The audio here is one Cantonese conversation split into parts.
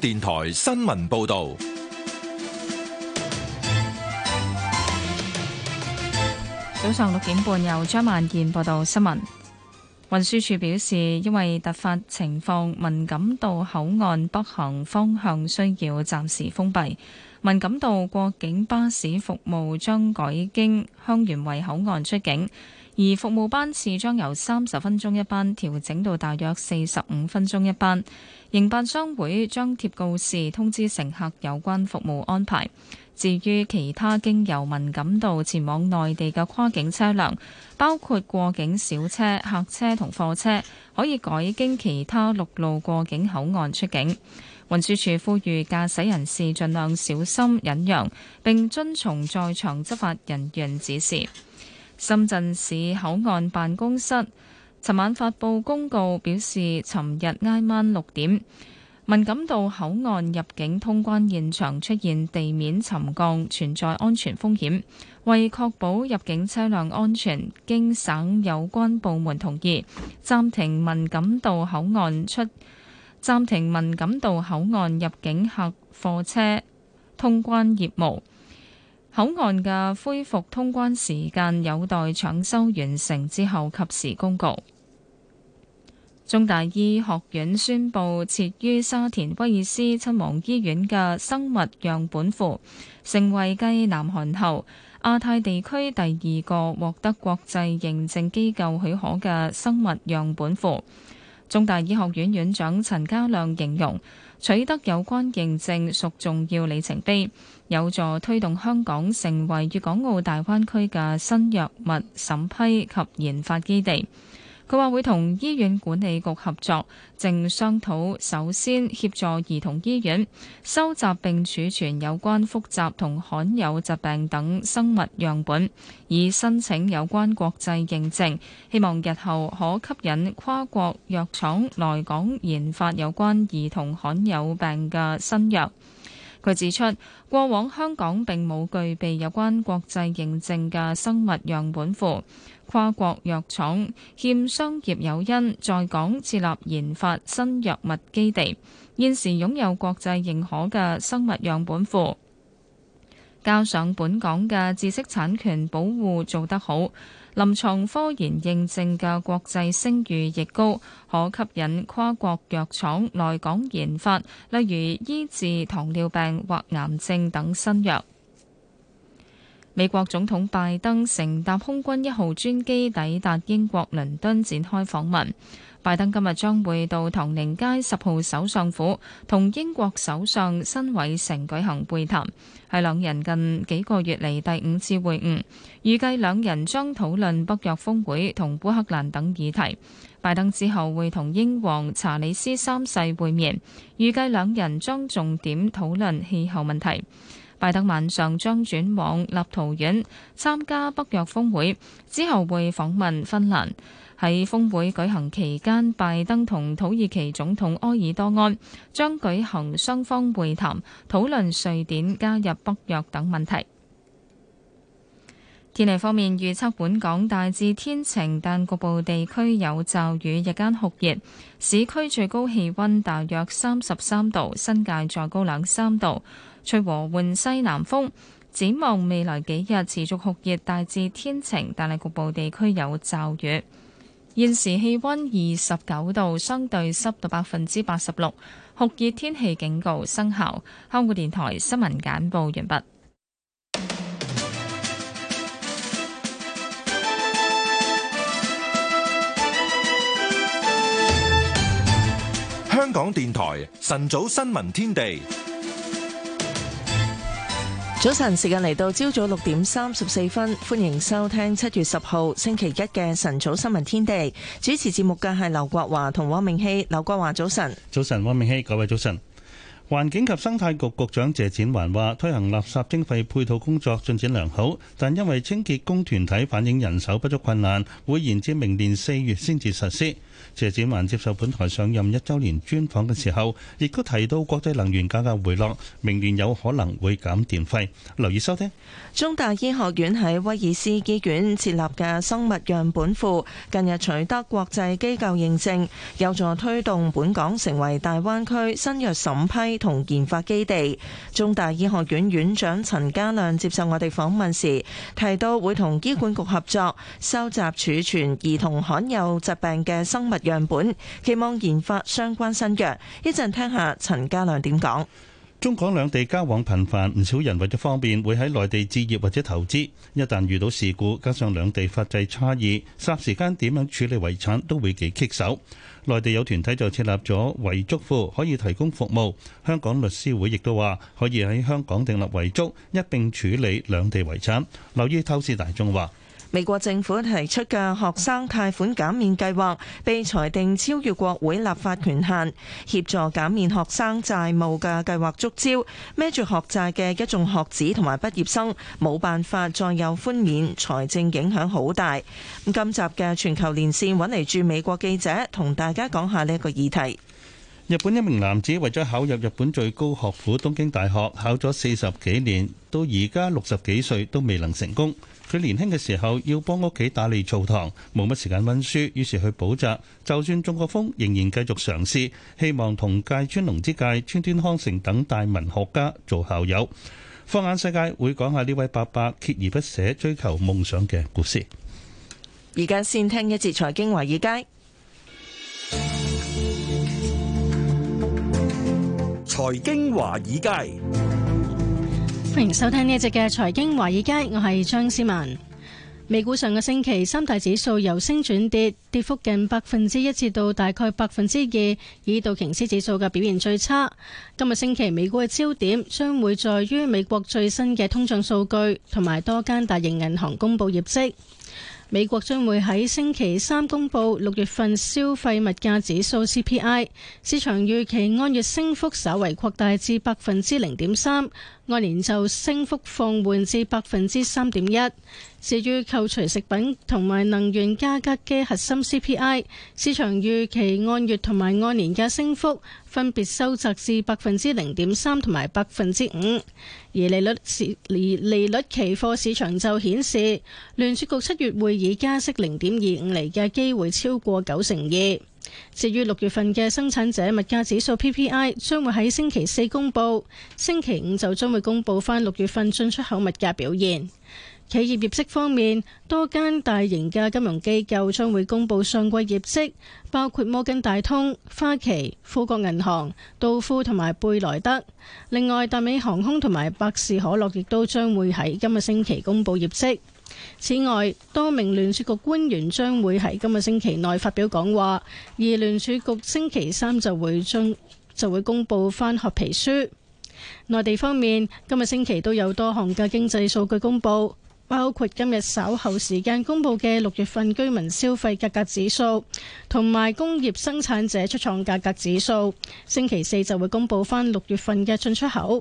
電台新聞報道，早上六點半由張萬健報道新聞。運輸署表示，因為突發情況，文錦道口岸北行方向需要暫時封閉，文錦道過境巴士服務將改經香園圍口岸出境。而服務班次將由三十分鐘一班調整到大約四十五分鐘一班。營辦商會張貼告示通知乘客有關服務安排。至於其他經由文錦渡前往內地嘅跨境車輛，包括過境小車、客車同貨車，可以改經其他陸路過境口岸出境。運輸處呼籲駕駛人士儘量小心忍讓，並遵從在場執法人員指示。深圳市口岸辦公室尋晚發布公告，表示尋日挨晚六點，文錦渡口岸入境通關現場出現地面沉降，存在安全風險，為確保入境車輛安全，經省有關部門同意，暫停文錦渡口岸出暫停文錦渡口岸入境客貨車通關業務。口岸嘅恢復通關時間有待搶修完成之後，及時公告。中大醫學院宣布，設於沙田威爾斯親王醫院嘅生物樣本庫成為繼南韓後亞太地區第二個獲得國際認證機構許可嘅生物樣本庫。中大醫學院院長陳家亮形容，取得有關認證屬重要里程碑。有助推動香港成為粵港澳大灣區嘅新藥物審批及研發基地。佢話會同醫院管理局合作，正商討首先協助兒童醫院收集並儲存有關複雜同罕有疾病等生物樣本，以申請有關國際認證，希望日後可吸引跨國藥廠來港研發有關兒童罕有病嘅新藥。佢指出，過往香港並冇具備有關國際認證嘅生物樣本庫，跨國藥廠欠商業誘因，在港設立研發新藥物基地，現時擁有國際認可嘅生物樣本庫。加上本港嘅知識產權保護做得好，臨床科研認證嘅國際聲譽亦高，可吸引跨國藥廠來港研發，例如醫治糖尿病或癌症等新藥。美國總統拜登乘搭空軍一號專機抵達英國倫敦，展開訪問。拜登今日將會到唐寧街十號首相府，同英國首相辛偉誠舉行會談，係兩人近幾個月嚟第五次會晤。預計兩人將討論北約峰會同烏克蘭等議題。拜登之後會同英皇查理斯三世會面，預計兩人將重點討論氣候問題。拜登晚上將轉往立陶宛參加北約峰會，之後會訪問芬蘭。喺峰會舉行期間，拜登同土耳其總統埃爾多安將舉行雙方會談，討論瑞典加入北約等問題。天氣方面預測，預測本港大致天晴，但局部地區有驟雨，日間酷熱，市區最高氣温大約三十三度，新界再高兩三度，吹和緩西南風。展望未來幾日持續酷熱，大致天晴，但係局部地區有驟雨。現時氣溫二十九度，相對濕度百分之八十六，酷熱天氣警告生效。香港電台新聞簡報完畢。香港電台晨早新聞天地。早晨，時間嚟到朝早六點三十四分，歡迎收聽七月十號星期一嘅晨早新聞天地。主持節目嘅係劉國華同汪明希。劉國華，早晨。早晨，汪明希，各位早晨。環境及生態局局長謝展環話，推行垃圾徵費配套工作進展良好，但因為清潔工團體反映人手不足困難，會延至明年四月先至實施。謝展寰接受本台上任一週年專訪嘅時候，亦都提到國際能源價格回落，明年有可能會減電費。留意收聽。中大醫學院喺威爾斯醫院設立嘅生物樣本庫，近日取得國際機構認證，有助推動本港成為大灣區新藥審批同研發基地。中大醫學院院長陳家亮接受我哋訪問時提到，會同醫管局合作收集儲存兒童罕有疾病嘅生物樣樣本期望研發相關新藥。一陣聽下陳家亮點講。中港兩地交往頻繁，唔少人為咗方便會喺內地置業或者投資。一旦遇到事故，加上兩地法制差異，霎時間點樣處理遺產都會幾棘手。內地有團體就設立咗遺囑庫，可以提供服務。香港律師會亦都話可以喺香港訂立遺囑，一併處理兩地遺產。留意透視大眾話。美國政府提出嘅學生貸款減免計劃被裁定超越國會立法權限，協助減免學生債務嘅計劃觸礁，孭住學債嘅一眾學子同埋畢業生冇辦法再有寬免，財政影響好大。今集嘅全球連線揾嚟駐美國記者同大家講下呢一個議題。日本一名男子為咗考入日本最高學府東京大學，考咗四十幾年，到而家六十幾歲都未能成功。佢年輕嘅時候要幫屋企打理澡堂，冇乜時間溫書，於是去補習。就算中過風，仍然繼續嘗試，希望同芥川龍之介、川端康成等大文學家做校友。放眼世界，會講下呢位伯伯鍥而不捨追求夢想嘅故事。而家先聽一節財經華爾街。財經華爾街。歡迎收聽呢一集嘅財經華爾街，我係張思文。美股上個星期三大指數由升轉跌，跌幅近百分之一至到大概百分之二，以道瓊斯指數嘅表現最差。今個星期美股嘅焦點將會在於美國最新嘅通脹數據，同埋多間大型銀行公佈業績。美國將會喺星期三公布六月份消費物價指數 CPI，市場預期按月升幅稍為擴大至百分之零點三，按年就升幅放緩至百分之三點一。至於扣除食品同埋能源價格嘅核心 CPI，市場預期按月同埋按年嘅升幅分別收窄至百分之零點三同埋百分之五。而利率市而利，利率期貨市場就顯示聯儲局七月會議加息零點二五厘嘅機會超過九成二。至於六月份嘅生產者物價指數 PPI 將會喺星期四公佈，星期五就將會公佈返六月份進出口物價表現。企業業績方面，多間大型嘅金融機構將會公布上季業績，包括摩根大通、花旗、富國銀行、道富同埋貝萊德。另外，達美航空同埋百事可樂亦都將會喺今個星期公布業績。此外，多名聯儲局官員將會喺今個星期內發表講話，而聯儲局星期三就會將就會公布翻褐皮書。內地方面，今個星期都有多項嘅經濟數據公布。包括今日稍後時間公布嘅六月份居民消費價格指數，同埋工業生產者出廠價格指數。星期四就會公佈翻六月份嘅進出口。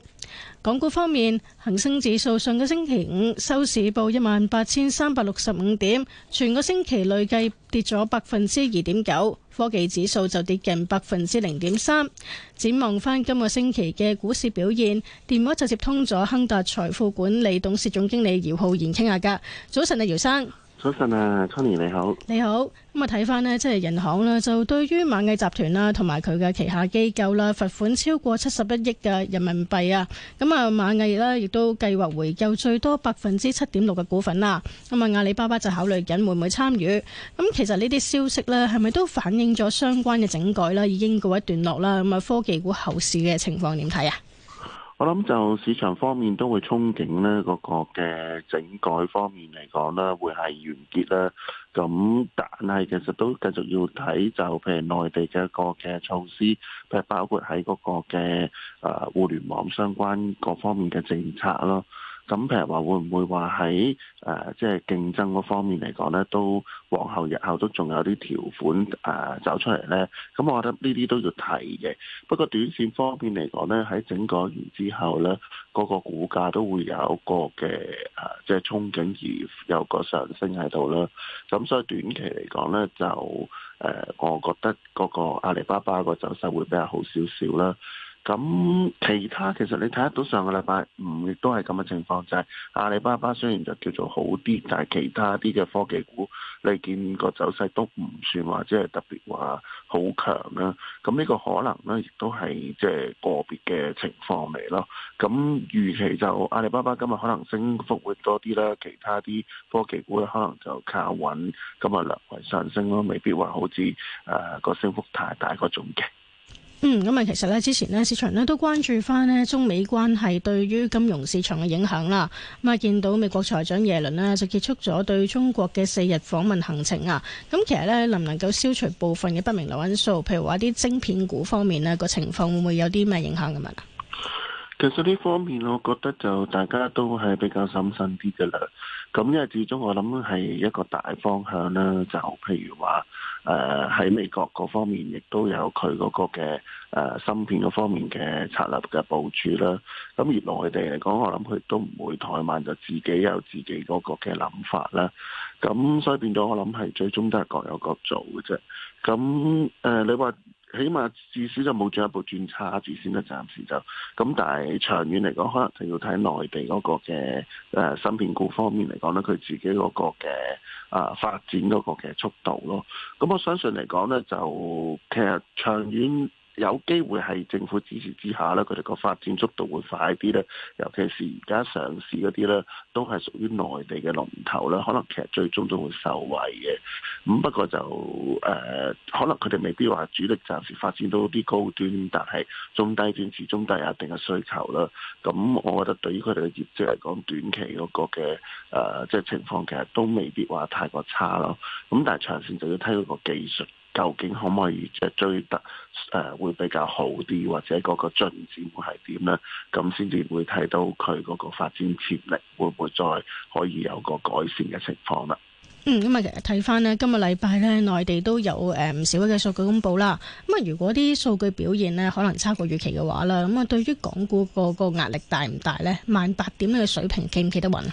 港股方面，恒生指數上個星期五收市報一萬八千三百六十五點，全個星期累計跌咗百分之二點九。科技指數就跌近百分之零點三。展望翻今個星期嘅股市表現，電話就接通咗亨達財富管理董事總經理姚浩然傾下偈。早晨啊，姚生。早晨啊，Tony 你好，你好咁啊，睇翻呢，即係銀行咧就對於螞蟻集團啦同埋佢嘅旗下機構啦罰款超過七十一億嘅人民幣啊，咁啊螞蟻呢，亦都計劃回購最多百分之七點六嘅股份啦。咁啊，阿里巴巴就考慮緊會唔會參與。咁其實呢啲消息呢，係咪都反映咗相關嘅整改啦，已經告一段落啦。咁啊，科技股後市嘅情況點睇啊？我諗就市場方面都會憧憬咧，嗰個嘅整改方面嚟講咧，會係完結啦。咁但係其實都繼續要睇就譬如內地嘅一個嘅措施，譬如包括喺嗰個嘅啊互聯網相關各方面嘅政策咯。咁譬如話，會唔會話喺誒即係競爭嗰方面嚟講咧，都往後日後都仲有啲條款誒、呃、走出嚟咧？咁我覺得呢啲都要睇嘅。不過短線方面嚟講咧，喺整過完整改完之後咧，嗰個股價都會有一個嘅誒，即、呃、係、就是、憧憬而有個上升喺度啦。咁所以短期嚟講咧，就誒、呃，我覺得嗰個阿里巴巴個走勢會比較好少少啦。咁其他其實你睇得到上個禮拜唔亦都係咁嘅情況，就係阿里巴巴雖然就叫做好啲，但係其他啲嘅科技股，你見個走勢都唔算話即係特別話好強啦。咁呢個可能咧亦都係即係個別嘅情況嚟咯。咁預期就阿里巴巴今日可能升幅會多啲啦，其他啲科技股咧可能就靠穩今日略為上升咯，未必話好似誒個升幅太大嗰種嘅。嗯，咁啊，其實呢之前呢市場呢都關注翻呢中美關係對於金融市場嘅影響啦。咁啊，見到美國財長耶倫呢就結束咗對中國嘅四日訪問行程啊。咁其實呢，能唔能夠消除部分嘅不明流因素？譬如話啲晶片股方面呢個情況會唔會有啲咩影響咁樣？啊？其實呢方面，我覺得就大家都係比較審慎啲噶啦。咁因為始終我諗係一個大方向啦，就譬如話，誒、呃、喺美國嗰方面亦都有佢嗰個嘅誒、呃、芯片嗰方面嘅策略嘅部署啦。咁而內地嚟講，我諗佢都唔會怠慢，就自己有自己嗰個嘅諗法啦。咁所以變咗，我諗係最終都係各有各做嘅啫。咁誒、呃，你話？起碼至少就冇進一步轉差字先啦，暫時就咁。但係長遠嚟講，可能就要睇內地嗰個嘅誒芯片股方面嚟講咧，佢自己嗰個嘅啊、呃、發展嗰個嘅速度咯。咁我相信嚟講咧，就其實長遠。有機會喺政府支持之下咧，佢哋個發展速度會快啲咧。尤其是而家上市嗰啲咧，都係屬於內地嘅龍頭咧。可能其實最終都會受惠嘅。咁不過就誒、呃，可能佢哋未必話主力暫時發展到啲高端，但係中低端始終都有一定嘅需求啦。咁我覺得對於佢哋嘅業績嚟講，短期嗰個嘅誒、呃、即係情況，其實都未必話太過差咯。咁但係長線就要睇嗰個技術。究竟可唔可以即係追得誒、呃、會比較好啲，或者嗰個進展會係點呢？咁先至會睇到佢嗰個發展潛力會唔會再可以有個改善嘅情況啦。嗯，咁啊其實睇翻呢，今個禮拜呢，內地都有誒唔少嘅數據公布啦。咁啊，如果啲數據表現呢，可能差過預期嘅話啦，咁啊對於港股個個壓力大唔大呢？萬八點呢個水平企唔企得穩？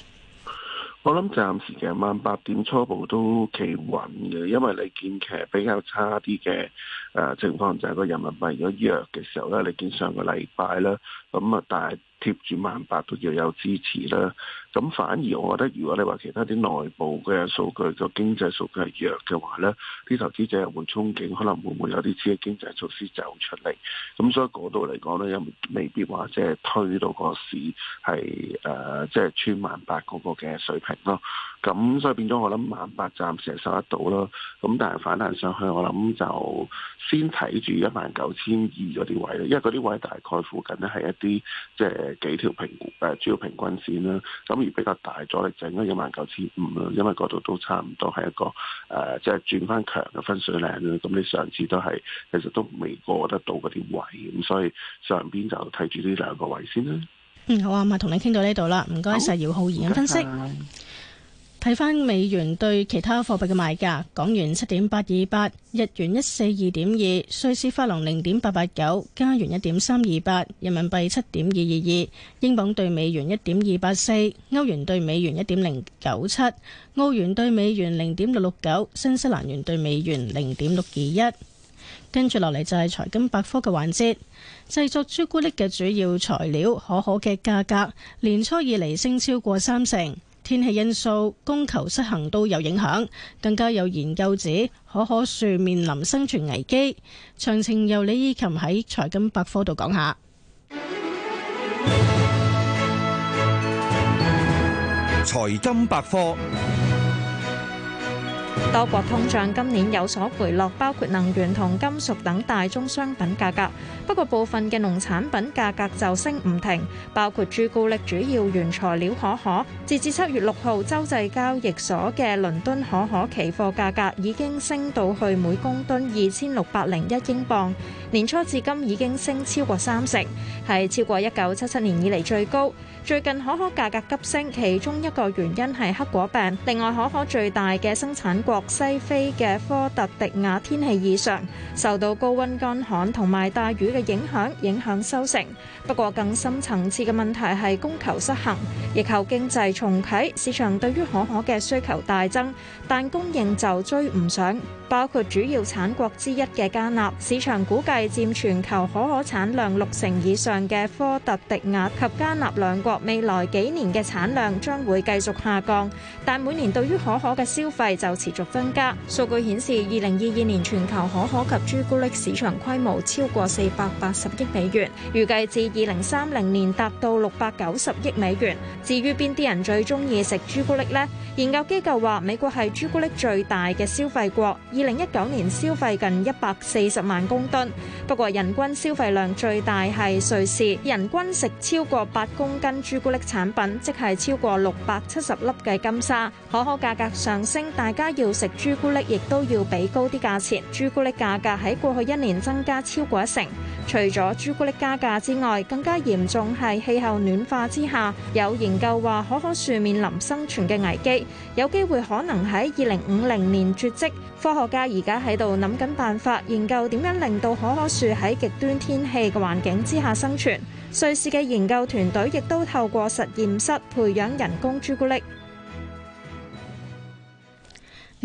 我諗暫時嘅萬八點初步都企穩嘅，因為你見其實比較差啲嘅誒情況就係個人民幣如果弱嘅時候咧，你見上個禮拜啦。咁、嗯、啊，但係。接住萬八都要有支持啦。咁反而我覺得，如果你話其他啲內部嘅數據，個經濟數據係弱嘅話咧，啲投資者又會憧憬，可能會唔會有啲啲經濟措施走出嚟？咁所以嗰度嚟講咧，又未必話即係推到個市係誒，即、呃、係、即係、穿萬八嗰個嘅水平咯。咁所以變咗我諗萬八暫時係收得到咯。咁但係反彈上去，我諗就先睇住一萬九千二嗰啲位，因為嗰啲位大概附近咧係一啲即係。即係幾條平誒、呃、主要平均線啦，咁而比較大阻力就應該一萬九千五啦，因為嗰度都差唔多係一個誒，即、呃、係、就是、轉翻強嘅分水嶺啦。咁你上次都係其實都未過得到嗰啲位，咁所以上邊就睇住呢兩個位先啦。嗯，好啊，咪同你傾到呢度啦，唔該晒，Sir, 姚浩然嘅分析。睇翻美元對其他貨幣嘅賣價，港元七點八二八，日元一四二點二，瑞士法郎零點八八九，加元一點三二八，人民幣七點二二二，英鎊兌美元一點二八四，歐元兌美元一點零九七，澳元兌美元零點六六九，新西蘭元兌美元零點六二一。跟住落嚟就係財金百科嘅環節，製作朱古力嘅主要材料可可嘅價格年初以嚟升超過三成。天氣因素、供求失衡都有影響，更加有研究指可可樹面臨生存危機。詳情由李依琴喺財金百科度講下，財金百科。多國通脹今年有所回落，包括能源同金屬等大宗商品價格。不過部分嘅農產品價格就升唔停，包括朱古力主要原材料可可。截至七月六號，洲際交易所嘅倫敦可可期貨價格已經升到去每公噸二千六百零一英鎊，年初至今已經升超過三成，係超過一九七七年以嚟最高。最近可可價格急升，其中一個原因係黑果病。另外可可最大嘅生產國西非嘅科特迪瓦天氣異常，受到高溫乾旱同埋大雨嘅影響，影響收成。不過更深層次嘅問題係供求失衡，疫後經濟重啟，市場對於可可嘅需求大增，但供應就追唔上。包括主要產國之一嘅加納，市場估計佔全球可可產量六成以上嘅科特迪瓦及加納兩國，未來幾年嘅產量將會繼續下降，但每年對於可可嘅消費就持續增加，數據顯示，二零二二年全球可可及朱古力市場規模超過四百八十億美元，預計至二零三零年達到六百九十億美元。至於邊啲人最中意食朱古力咧？研究機構話，美國係朱古力最大嘅消費國，二零一九年消費近一百四十萬公噸。不過人均消費量最大係瑞士，人均食超過八公斤朱古力產品，即係超過六百七十粒嘅金莎。可可價格上升，大家要。要食朱古力，亦都要畀高啲價錢。朱古力價格喺過去一年增加超過一成。除咗朱古力加價之外，更加嚴重係氣候暖化之下，有研究話可可樹面臨生存嘅危機，有機會可能喺二零五零年絕跡。科學家而家喺度諗緊辦法，研究點樣令到可可樹喺極端天氣嘅環境之下生存。瑞士嘅研究團隊亦都透過實驗室培養人工朱古力。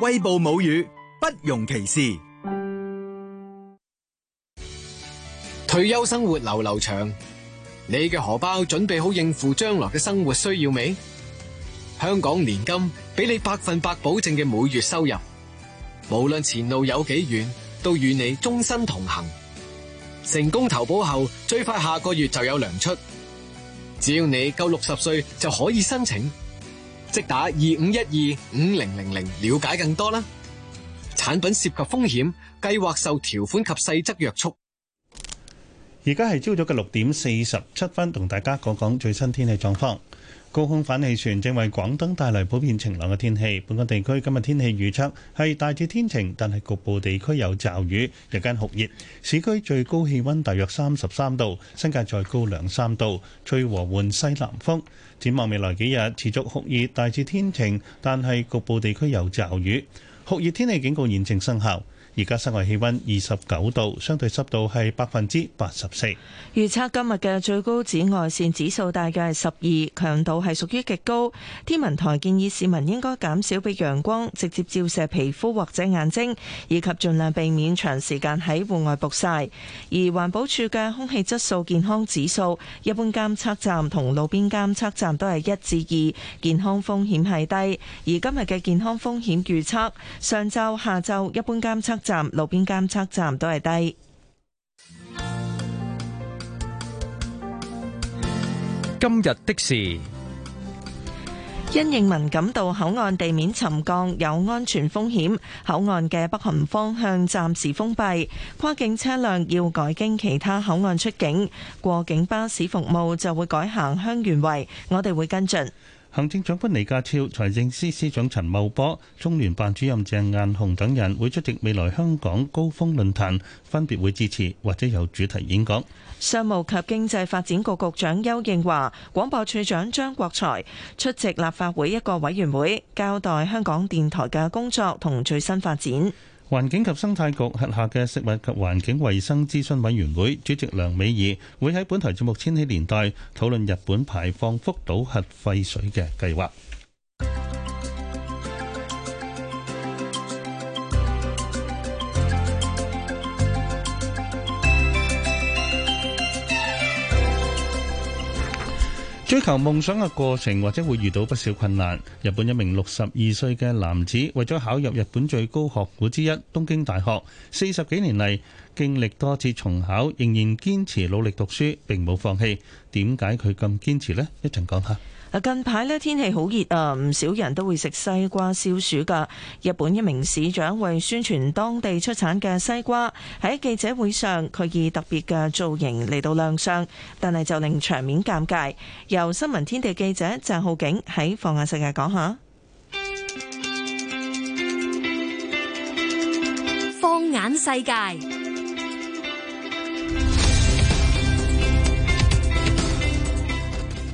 威暴母語不容歧視。退休生活流流長，你嘅荷包準備好應付將來嘅生活需要未？香港年金俾你百分百保證嘅每月收入，無論前路有幾遠，都與你終身同行。成功投保後，最快下個月就有糧出。只要你夠六十歲就可以申請。即打二五一二五零零零了解更多啦！產品涉及風險，計劃受條款及細則約束。而家係朝早嘅六點四十七分，同大家講講最新天氣狀況。高空反氣旋正為廣東帶來普遍晴朗嘅天氣。本港地區今日天氣預測係大致天晴，但係局部地區有驟雨。日間酷熱，市區最高氣溫大約三十三度，新界再高兩三度。吹和緩西南風。展望未來幾日持續酷熱，大致天晴，但係局部地區有驟雨，酷熱天氣警告現正生效。而家室外氣溫二十九度，相對濕度係百分之八十四。預測今日嘅最高紫外線指數大約係十二，強度係屬於極高。天文台建議市民應該減少畀陽光直接照射皮膚或者眼睛，以及盡量避免長時間喺戶外曝曬。而環保署嘅空氣質素健康指數，一般監測站同路邊監測站都係一至二，健康風險係低。而今日嘅健康風險預測，上晝、下晝一般監測站路邊監測站都係低。今日的事，因應民感到口岸地面沉降有安全風險，口岸嘅北行方向暫時封閉，跨境車輛要改經其他口岸出境。過境巴士服務就會改行香園圍。我哋會跟進。行政長官李家超、財政司司長陳茂波、中聯辦主任鄭雁雄等人會出席未來香港高峰論壇，分別會支持或者有主題演講。商務及經濟發展局局長邱應華、廣播處長張國財出席立法會一個委員會，交代香港電台嘅工作同最新發展。環境及生態局轄下嘅食物及環境衞生諮詢委員會主席梁美儀會喺本台節目《千禧年代》討論日本排放福島核廢水嘅計劃。追求夢想嘅過程，或者會遇到不少困難。日本一名六十二歲嘅男子，為咗考入日本最高學府之一東京大學，四十幾年嚟經歷多次重考，仍然堅持努力讀書，並冇放棄。點解佢咁堅持呢？一陣講下。近排呢，天氣好熱啊，唔少人都會食西瓜消暑噶。日本一名市長為宣傳當地出產嘅西瓜，喺記者會上佢以特別嘅造型嚟到亮相，但係就令場面尷尬。由新聞天地記者鄭浩景喺《放眼世界》講下《放眼世界》。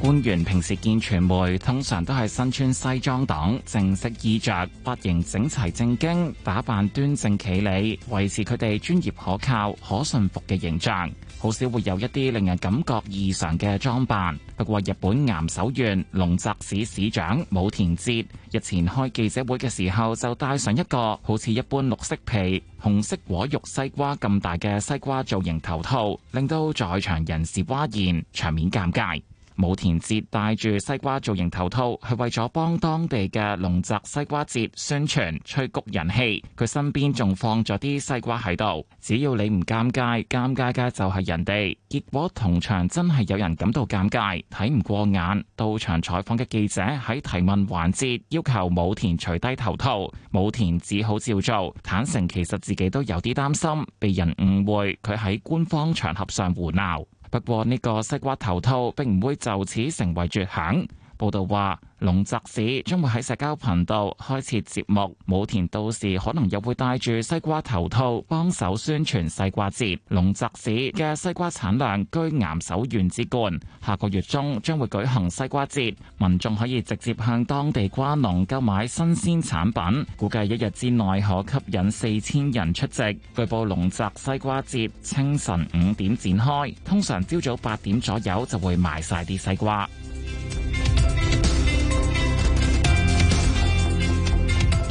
官員平時見傳媒通常都係身穿西裝等正式衣着，髮型整齊正經，打扮端正企理，維持佢哋專業可靠、可信服嘅形象。好少會有一啲令人感覺異常嘅裝扮。不過，日本岩手縣龍澤市市長武田哲日前開記者會嘅時候，就戴上一個好似一般綠色皮、紅色果肉西瓜咁大嘅西瓜造型頭套，令到在場人士嘩然，場面尷尬。武田哲戴住西瓜造型頭套，係為咗幫當地嘅龍澤西瓜節宣傳催谷人氣，佢身邊仲放咗啲西瓜喺度。只要你唔尷尬，尷尬嘅就係人哋。結果同場真係有人感到尷尬，睇唔過眼。到場採訪嘅記者喺提問環節要求武田除低頭套，武田只好照做。坦承其實自己都有啲擔心，被人誤會佢喺官方場合上胡鬧。不過呢個西瓜頭套並唔會就此成為絕響。報道話，龍澤市將會喺社交頻道開設節目，武田到時可能又會戴住西瓜頭套幫手宣傳西瓜節。龍澤市嘅西瓜產量居岩手縣之冠，下個月中將會舉行西瓜節，民眾可以直接向當地瓜農購買新鮮產品，估計一日之內可吸引四千人出席。據報，龍澤西瓜節清晨五點展開，通常朝早八點左右就會賣晒啲西瓜。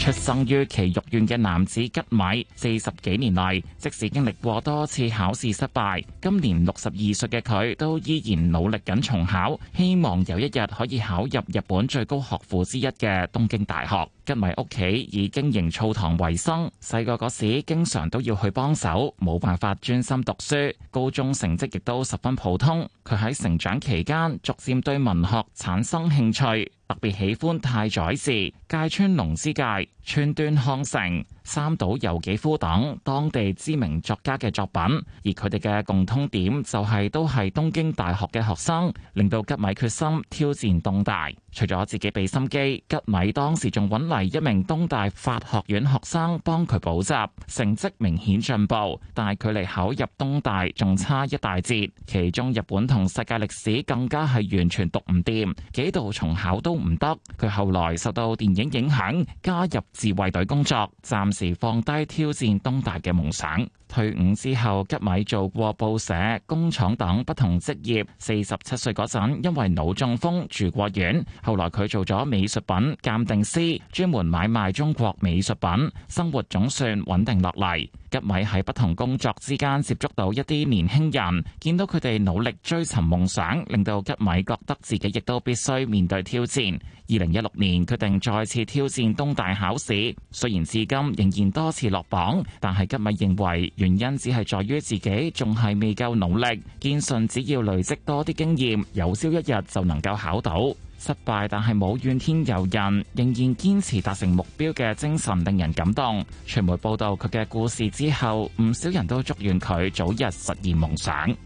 出生於埼玉縣嘅男子吉米，四十幾年嚟，即使經歷過多次考試失敗，今年六十二歲嘅佢都依然努力緊重考，希望有一日可以考入日本最高學府之一嘅東京大學。因為屋企以經營澡堂為生，細個嗰時經常都要去幫手，冇辦法專心讀書，高中成績亦都十分普通。佢喺成長期間逐漸對文學產生興趣，特別喜歡太宰治、芥川龍之介、川端康成，三島由紀夫等當地知名作家嘅作品，而佢哋嘅共通點就係都係東京大學嘅學生，令到吉米決心挑戰東大。除咗自己俾心機，吉米當時仲揾嚟一名東大法學院學生幫佢補習，成績明顯進步。但係距離考入東大仲差一大截，其中日本同世界歷史更加係完全讀唔掂，幾度重考都唔得。佢後來受到電影影響，加入自衛隊工作，暫時時放低挑戰東大嘅夢想，退伍之後吉米做過報社、工廠等不同職業。四十七歲嗰陣，因為腦中風住過院，後來佢做咗美術品鑑定師，專門買賣中國美術品，生活總算穩定落嚟。吉米喺不同工作之間接觸到一啲年輕人，見到佢哋努力追尋夢想，令到吉米覺得自己亦都必須面對挑戰。二零一六年決定再次挑戰東大考試，雖然至今仍然多次落榜，但係吉米認為原因只係在於自己仲係未夠努力，堅信只要累積多啲經驗，有朝一日就能夠考到。失敗但係冇怨天尤人，仍然堅持達成目標嘅精神令人感動。傳媒報道佢嘅故事之後，唔少人都祝願佢早日實現夢想。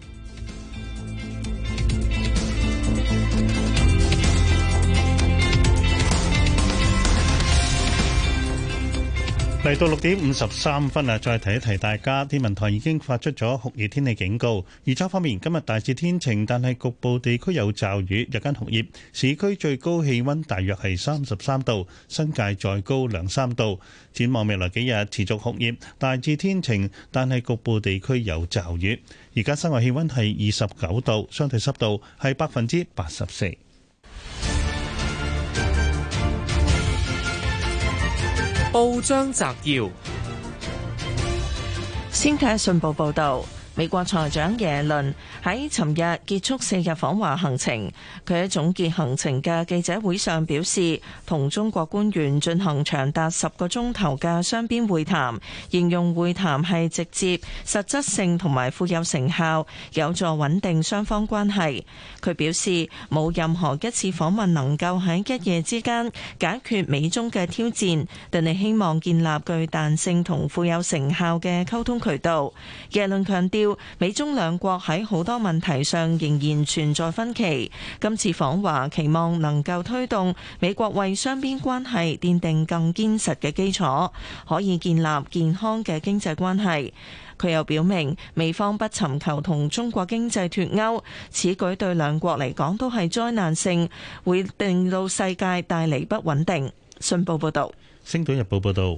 嚟到六點五十三分啦，再提一提大家，天文台已經發出咗酷熱天氣警告。預測方面，今日大致天晴，但係局部地區有驟雨，日間酷熱。市區最高氣溫大約係三十三度，新界再高兩三度。展望未來幾日，持續酷熱，大致天晴，但係局部地區有驟雨。而家室外氣溫係二十九度，相對濕度係百分之八十四。報章摘要：先睇信報報道。美國財長耶倫喺尋日結束四日訪華行程，佢喺總結行程嘅記者會上表示，同中國官員進行長達十個鐘頭嘅雙邊會談，形容會談係直接、實質性同埋富有成效，有助穩定雙方關係。佢表示冇任何一次訪問能夠喺一夜之間解決美中嘅挑戰，但係希望建立具彈性同富有成效嘅溝通渠道。耶倫強調。美中兩國喺好多問題上仍然存在分歧。今次訪華期望能夠推動美國為雙邊關係奠定更堅實嘅基礎，可以建立健康嘅經濟關係。佢又表明美方不尋求同中國經濟脫鈎，此舉對兩國嚟講都係災難性，會令到世界帶嚟不穩定。信報報道，星島日報報道。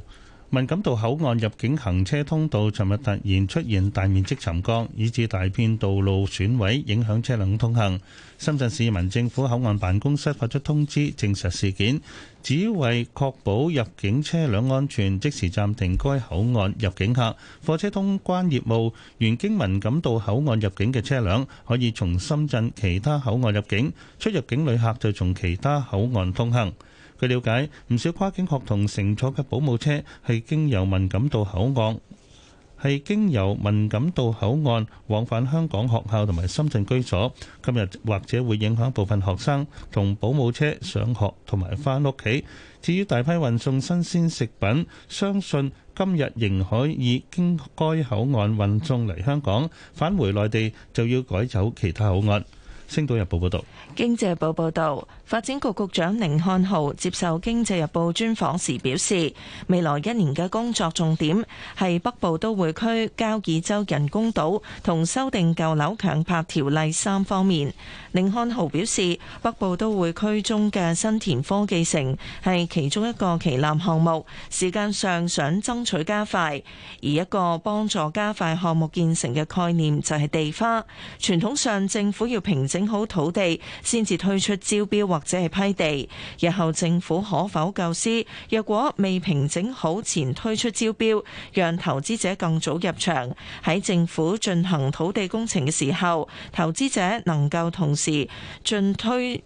文錦渡口岸入境行車通道，尋日突然出現大面積沉降，以致大片道路損毀，影響車輛通行。深圳市人民政府口岸辦公室發出通知，證實事件，只為確保入境車輛安全，即時暫停該口岸入境客、貨車通關業務。原經文錦渡口岸入境嘅車輛，可以從深圳其他口岸入境；出入境旅客就從其他口岸通行。據了解，唔少跨境學童乘坐嘅保姆車係經由敏感道口岸，係經由敏感道口岸往返香港學校同埋深圳居所。今日或者會影響部分學生同保姆車上學同埋翻屋企。至於大批運送新鮮食品，相信今日仍可以經該口岸運送嚟香港，返回內地就要改走其他口岸。星島日報報道，經濟日報報道。發展局局長甯漢豪接受《經濟日報》專訪時表示，未來一年嘅工作重點係北部都會區、交椅洲人工島同修訂舊樓強拍條例三方面。甯漢豪表示，北部都會區中嘅新田科技城係其中一個旗艦項目，時間上想爭取加快。而一個幫助加快項目建成嘅概念就係地花，傳統上政府要平整好土地先至推出招標。或者係批地，日後政府可否構思，若果未平整好前推出招標，讓投資者更早入場，喺政府進行土地工程嘅時候，投資者能夠同時進推。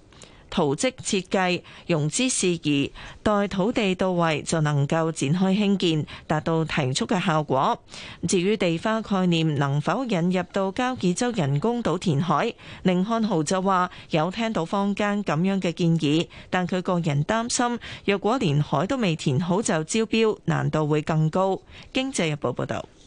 圖積設計融資事宜，待土地到位，就能夠展開興建，達到提速嘅效果。至於地花概念能否引入到交椅洲人工島填海，寧漢豪就話有聽到坊間咁樣嘅建議，但佢個人擔心，若果連海都未填好就招標，難度會更高。經濟日報報道。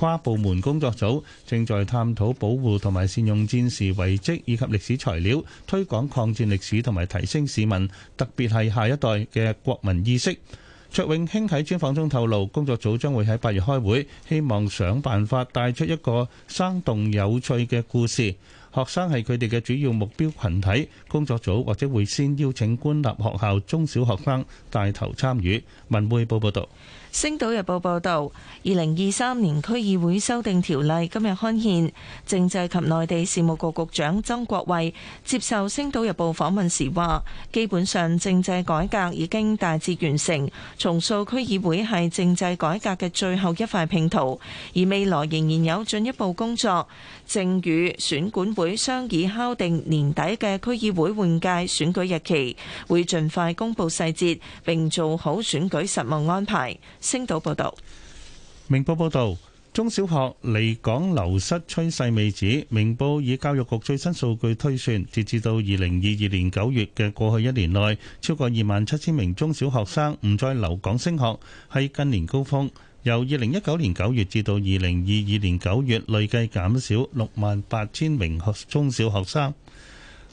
跨部門工作組正在探討保護同埋善用戰時遺跡以及歷史材料，推廣抗戰歷史同埋提升市民，特別係下一代嘅國民意識。卓永興喺專訪中透露，工作組將會喺八月開會，希望想辦法帶出一個生動有趣嘅故事。學生係佢哋嘅主要目標群體，工作組或者會先邀請官立學校中小學生帶頭參與。文匯報報道。《星島日報》報導，二零二三年區議會修訂條例今日刊憲。政制及內地事務局局長曾國衛接受《星島日報》訪問時話：基本上政制改革已經大致完成，重塑區議會係政制改革嘅最後一塊拼圖，而未來仍然有進一步工作。正與選管會商議敲定年底嘅區議會換屆選舉日期，會盡快公布細節並做好選舉實務安排。星島報道，明報報道，中小學離港流失趨勢未止。明報以教育局最新數據推算，截至到二零二二年九月嘅過去一年內，超過二萬七千名中小學生唔再留港升學，係近年高峰。由二零一九年九月至到二零二二年九月，累計減少六萬八千名中小學生。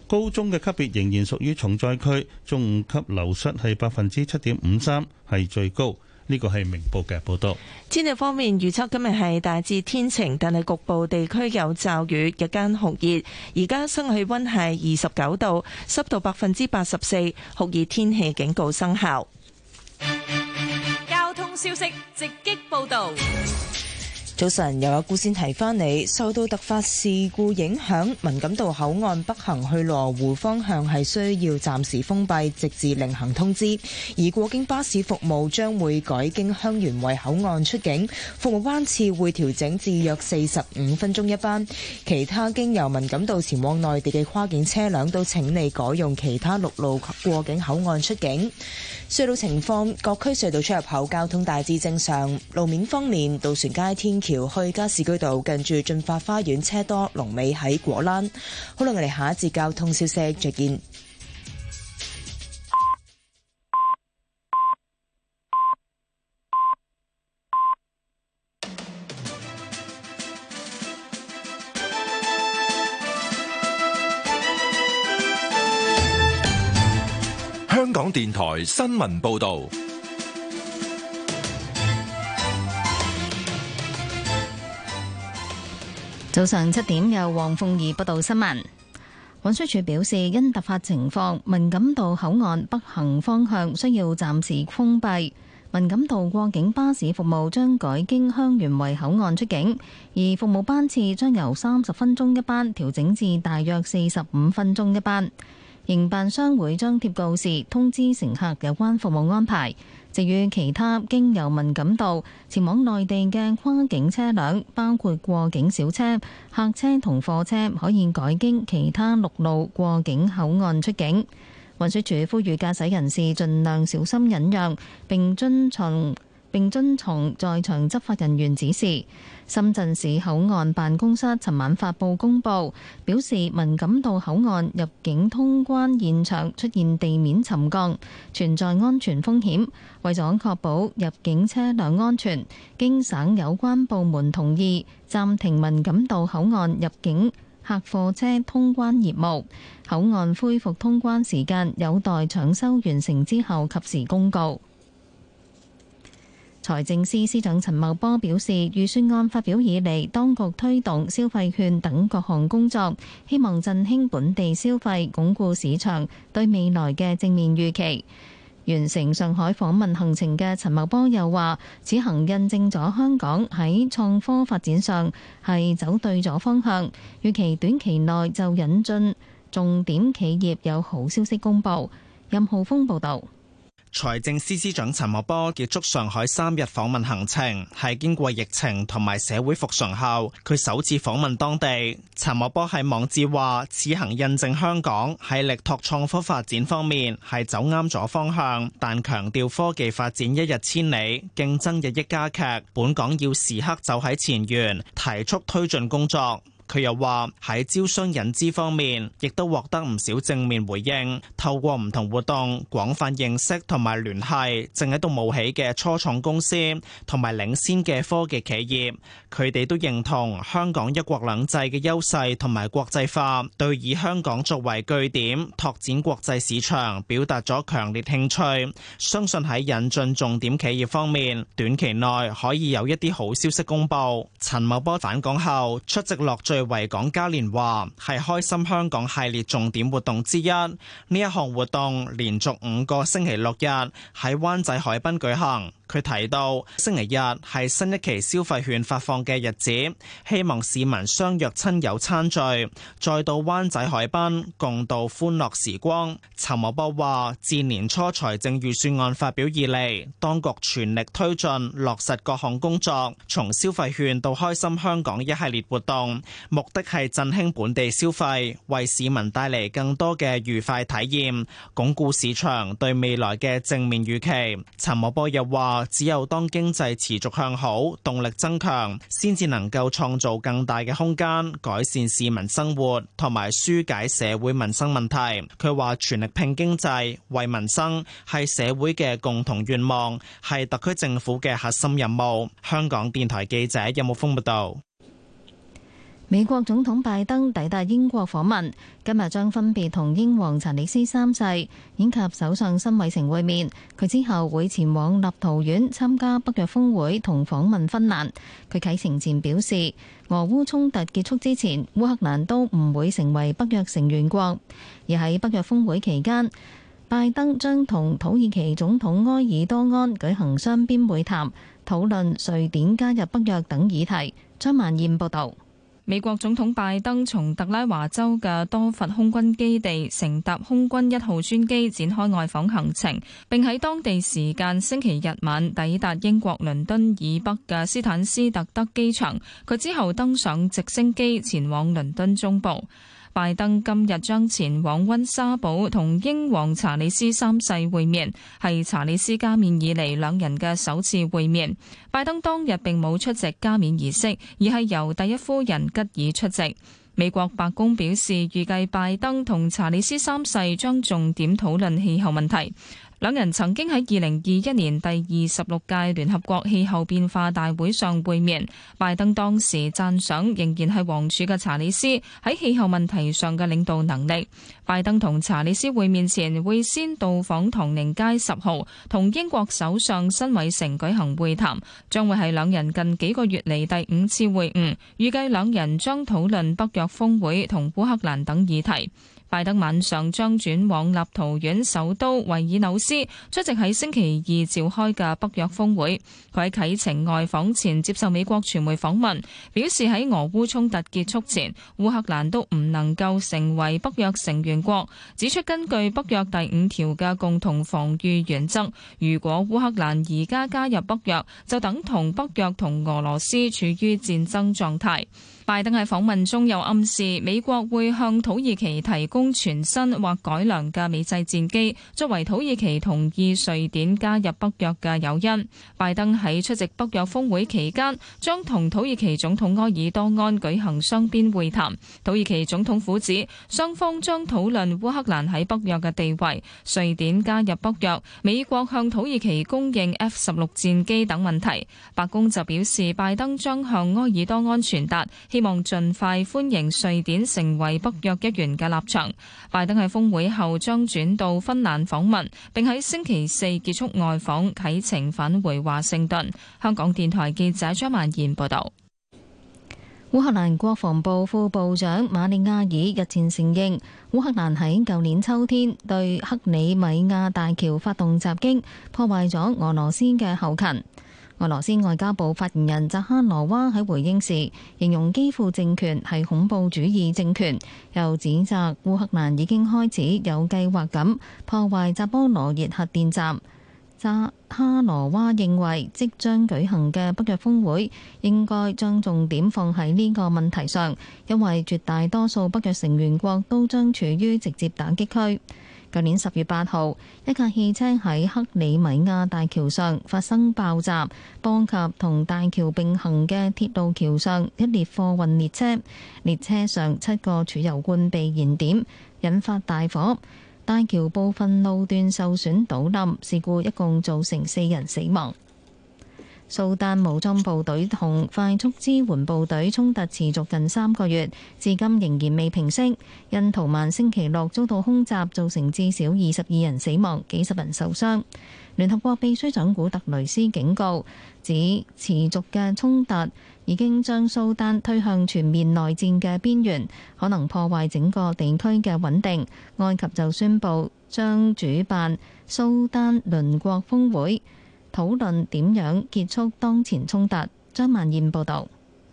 高中嘅級別仍然屬於重災區，中五級流失係百分之七點五三，係最高。呢個係明報嘅報道。天氣方面預測今日係大致天晴，但係局部地區有驟雨，日間酷熱。而家新氣溫係二十九度，濕度百分之八十四，酷熱天氣警告生效。交通消息直擊報導。早晨，又有姑先提翻你，受到突發事故影響，文錦道口岸北行去羅湖方向係需要暫時封閉，直至另行通知。而過境巴士服務將會改經香園圍口岸出境，服務班次會調整至約四十五分鐘一班。其他經由文錦道前往內地嘅跨境車輛都請你改用其他陸路過境口岸出境。隧道情況，各區隧道出入口交通大致正常。路面方面，渡船街天橋去加士居道近住駿發花園車多，龍尾喺果欄。好啦，我哋下一節交通消息，再見。香港電台新聞報道，早上七點由黃鳳儀報道新聞。運輸署表示，因突發情況，文錦渡口岸北行方向需要暫時封閉，文錦渡過境巴士服務將改經香園圍口岸出境，而服務班次將由三十分鐘一班調整至大約四十五分鐘一班。營辦商會張貼告示通知乘客有關服務安排。至於其他經由文錦渡前往內地嘅跨境車輛，包括過境小車、客車同貨車，可以改經其他陸路過境口岸出境。運輸署呼籲駕駛人士盡量小心忍讓，並遵從。並遵從在場執法人員指示。深圳市口岸辦公室尋晚發布公佈，表示文錦渡口岸入境通關現場出現地面沉降，存在安全風險。為咗確保入境車輛安全，經省有關部門同意，暫停文錦渡口岸入境客貨車通關業務。口岸恢復通關時間有待搶修完成之後，及時公告。財政司司長陳茂波表示，預算案發表以嚟，當局推動消費券等各項工作，希望振興本地消費，鞏固市場，對未來嘅正面預期。完成上海訪問行程嘅陳茂波又話，此行印證咗香港喺創科發展上係走對咗方向，預期短期內就引進重點企業有好消息公佈。任浩峰報導。財政司司長陳茂波結束上海三日訪問行程，係經過疫情同埋社會復常後，佢首次訪問當地。陳茂波喺網誌話：此行印證香港喺力拓創科發展方面係走啱咗方向，但強調科技發展一日千里，競爭日益加劇，本港要時刻走喺前沿，提速推進工作。佢又話喺招商引資方面，亦都獲得唔少正面回應，透過唔同活動廣泛認識同埋聯繫正喺度冒起嘅初創公司同埋領先嘅科技企業，佢哋都認同香港一國兩制嘅優勢同埋國際化，對以香港作為據點拓展國際市場表達咗強烈興趣。相信喺引進重點企業方面，短期內可以有一啲好消息公布。陳茂波返港後出席落最對維港嘉年華係開心香港系列重點活動之一，呢一項活動連續五個星期六日喺灣仔海濱舉行。佢提到星期日係新一期消費券發放嘅日子，希望市民相約親友餐聚，再到灣仔海濱共度歡樂時光。陳茂波話自年初財政預算案發表以嚟，當局全力推進落實各項工作，從消費券到開心香港一系列活動目的係振興本地消費，為市民帶嚟更多嘅愉快體驗，鞏固市場對未來嘅正面預期。陳茂波又話。只有當經濟持續向好、動力增強，先至能夠創造更大嘅空間，改善市民生活同埋紓解社會民生問題。佢話全力拼經濟、為民生，係社會嘅共同願望，係特區政府嘅核心任務。香港電台記者任木峰報道。美國總統拜登抵達英國訪問，今日將分別同英皇查理斯三世以及首相辛偉誠會面。佢之後會前往立陶宛參加北約峰會同訪問芬蘭。佢啟程前表示，俄烏衝突，突結束之前，烏克蘭都唔會成為北約成員國。而喺北約峰會期間，拜登將同土耳其總統埃爾多安舉行雙邊會談，討論瑞典加入北約等議題。張萬燕報道。美國總統拜登從特拉華州嘅多佛空軍基地乘搭空軍一號專機展開外訪行程，並喺當地時間星期日晚抵達英國倫敦以北嘅斯坦斯特德機場。佢之後登上直升機前往倫敦中部。拜登今日將前往温莎堡同英皇查理斯三世會面，係查理斯加冕以嚟兩人嘅首次會面。拜登當日並冇出席加冕儀式，而係由第一夫人吉爾出席。美國白宮表示，預計拜登同查理斯三世將重點討論氣候問題。兩人曾經喺二零二一年第二十六屆聯合國氣候變化大會上會面，拜登當時讚賞仍然係王儲嘅查理斯喺氣候問題上嘅領導能力。拜登同查理斯會面前會先到訪唐寧街十號，同英國首相辛偉誠舉行會談，將會係兩人近幾個月嚟第五次會晤，預計兩人將討論北約峰會同烏克蘭等議題。拜登晚上將轉往立陶宛首都維爾紐斯出席喺星期二召開嘅北約峰會。佢喺啟程外訪前接受美國傳媒訪問，表示喺俄烏衝突結束前，烏克蘭都唔能夠成為北約成員國。指出根據北約第五條嘅共同防禦原則，如果烏克蘭而家加入北約，就等同北約同俄羅斯處於戰爭狀態。拜登喺訪問中又暗示，美國會向土耳其提供全新或改良嘅美製戰機，作為土耳其同意瑞典加入北約嘅誘因。拜登喺出席北約峰會期間，將同土耳其總統埃爾多安舉行雙邊會談。土耳其總統府指，雙方將討論烏克蘭喺北約嘅地位、瑞典加入北約、美國向土耳其供應 F 十六戰機等問題。白宮就表示，拜登將向埃爾多安傳達，希望盡快歡迎瑞典成為北約一員嘅立場。拜登喺峯會後將轉到芬蘭訪問，並喺星期四結束外訪，啟程返回華盛頓。香港電台記者張曼賢報道。烏克蘭國防部副部長馬利亞爾日前承認，烏克蘭喺舊年秋天對克里米亞大橋發動襲擊，破壞咗俄羅斯嘅後勤。俄羅斯外交部發言人扎哈羅娃喺回應時形容基輔政權係恐怖主義政權，又指責烏克蘭已經開始有計劃咁破壞扎波羅熱核電站。扎哈羅娃認為，即將舉行嘅北約峰會應該將重點放喺呢個問題上，因為絕大多數北約成員國都將處於直接打擊區。去年十月八號，一架汽車喺克里米亞大橋上發生爆炸，波及同大橋並行嘅鐵路橋上一列貨運列車，列車上七個儲油罐被燃點，引發大火。大橋部分路段受損倒冧，事故一共造成四人死亡。蘇丹武裝部隊同快速支援部隊衝突持續近三個月，至今仍然未平息。恩圖曼星期六遭到空襲，造成至少二十二人死亡，幾十人受傷。聯合國秘書長古特雷斯警告，指持續嘅衝突已經將蘇丹推向全面內戰嘅邊緣，可能破壞整個地區嘅穩定。埃及就宣佈將主辦蘇丹鄰國峰會。討論點樣結束當前衝突。張曼燕報導。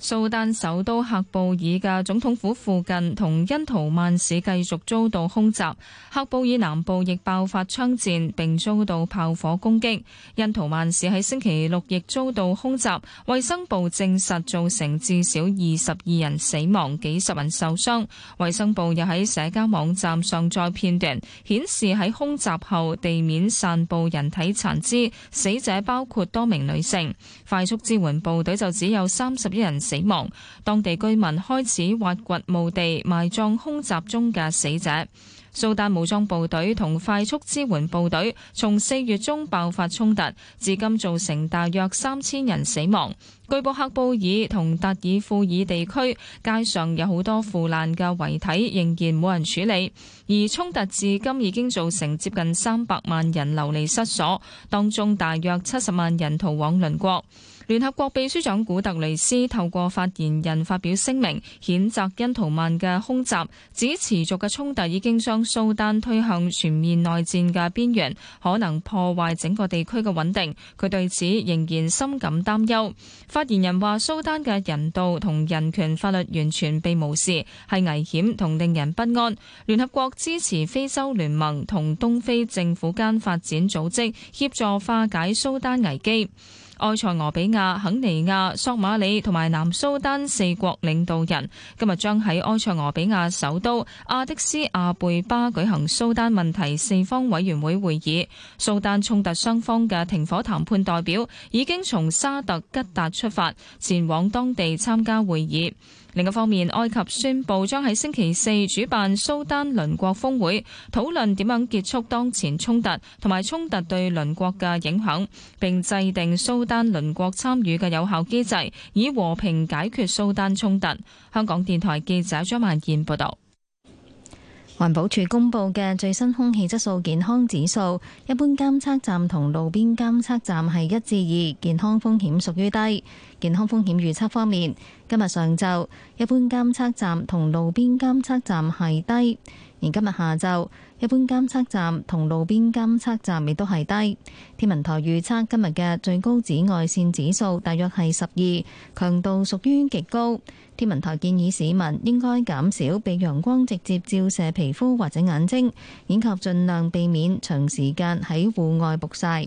蘇丹首都赫布爾嘅總統府附近同恩圖曼市繼續遭到空襲，赫布爾南部亦爆發槍戰並遭到炮火攻擊。恩圖曼市喺星期六亦遭到空襲，衛生部證實造成至少二十二人死亡、幾十人受傷。衛生部又喺社交網站上載片段，顯示喺空襲後地面散佈人體殘肢，死者包括多名女性。快速支援部隊就只有三十一人死亡，當地居民開始挖掘墓地，埋葬空襲中嘅死者。蘇丹武裝部隊同快速支援部隊從四月中爆發衝突，至今造成大約三千人死亡。據博克布爾同達爾富爾地區街上有好多腐爛嘅遺體，仍然冇人處理。而衝突至今已經造成接近三百萬人流離失所，當中大約七十萬人逃往鄰國。聯合國秘書長古特雷斯透過發言人發表聲明，譴責恩圖曼嘅空襲，指持續嘅衝突已經將蘇丹推向全面內戰嘅邊緣，可能破壞整個地區嘅穩定。佢對此仍然深感擔憂。發言人話蘇丹嘅人道同人權法律完全被無視，係危險同令人不安。聯合國支持非洲聯盟同東非政府間發展組織協助化解蘇丹危機。埃塞俄比亞、肯尼亞、索馬里同埋南蘇丹四國領導人今日將喺埃塞俄比亞首都阿迪斯阿貝巴舉行蘇丹問題四方委員會會議。蘇丹衝突雙方嘅停火談判代表已經從沙特吉達出發，前往當地參加會議。另一方面，埃及宣佈將喺星期四主辦蘇丹鄰國峰會，討論點樣結束當前衝突同埋衝突對鄰國嘅影響，並制定蘇丹鄰國參與嘅有效機制，以和平解決蘇丹衝突。香港電台記者張萬燕報道。環保署公布嘅最新空氣質素健康指數，一般監測站同路邊監測站係一至二，健康風險屬於低。健康風險預測方面，今日上晝，一般監測站同路邊監測站係低，而今日下晝。一般監測站同路邊監測站亦都係低。天文台預測今日嘅最高紫外線指數大約係十二，強度屬於極高。天文台建議市民應該減少被陽光直接照射皮膚或者眼睛，以及盡量避免長時間喺戶外曝曬，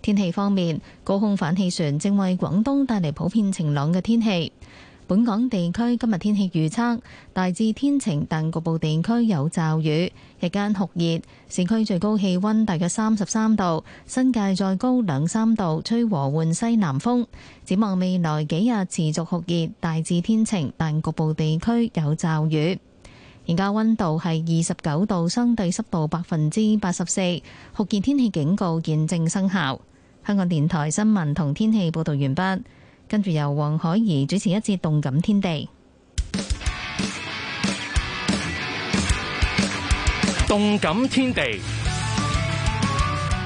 天氣方面，高空反氣旋正為廣東帶嚟普遍晴朗嘅天氣。本港地區今日天氣預測，大致天晴，但局部地區有驟雨。日間酷熱，市區最高氣溫大約三十三度，新界再高兩三度，吹和緩西南風，展望未來幾日持續酷熱，大致天晴，但局部地區有驟雨。而家溫度係二十九度，相對濕度百分之八十四，酷熱天氣警告現正生效。香港電台新聞同天氣報道完畢。跟住由黃海怡主持一次動感天地。動感天地，動感天地，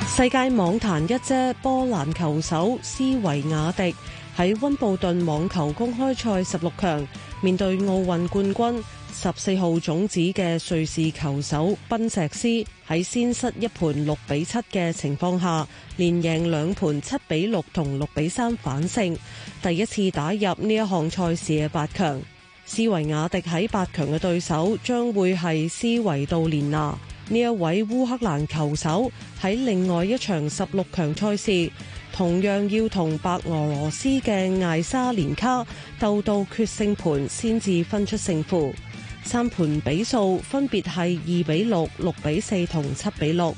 世界網壇一姐波蘭球手斯維亞迪喺溫布頓網球公開賽十六強面對奧運冠軍，十四號種子嘅瑞士球手賓石斯喺先失一盤六比七嘅情況下，連贏兩盤七比六同六比三反勝，第一次打入呢一項賽事嘅八強。斯維亞迪喺八強嘅對手將會係斯維道連娜。呢一位烏克蘭球手喺另外一場十六強賽事，同樣要同白俄羅斯嘅艾沙連卡鬥到決勝盤先至分出勝負。三盤比數分別係二比六、六比四同七比六。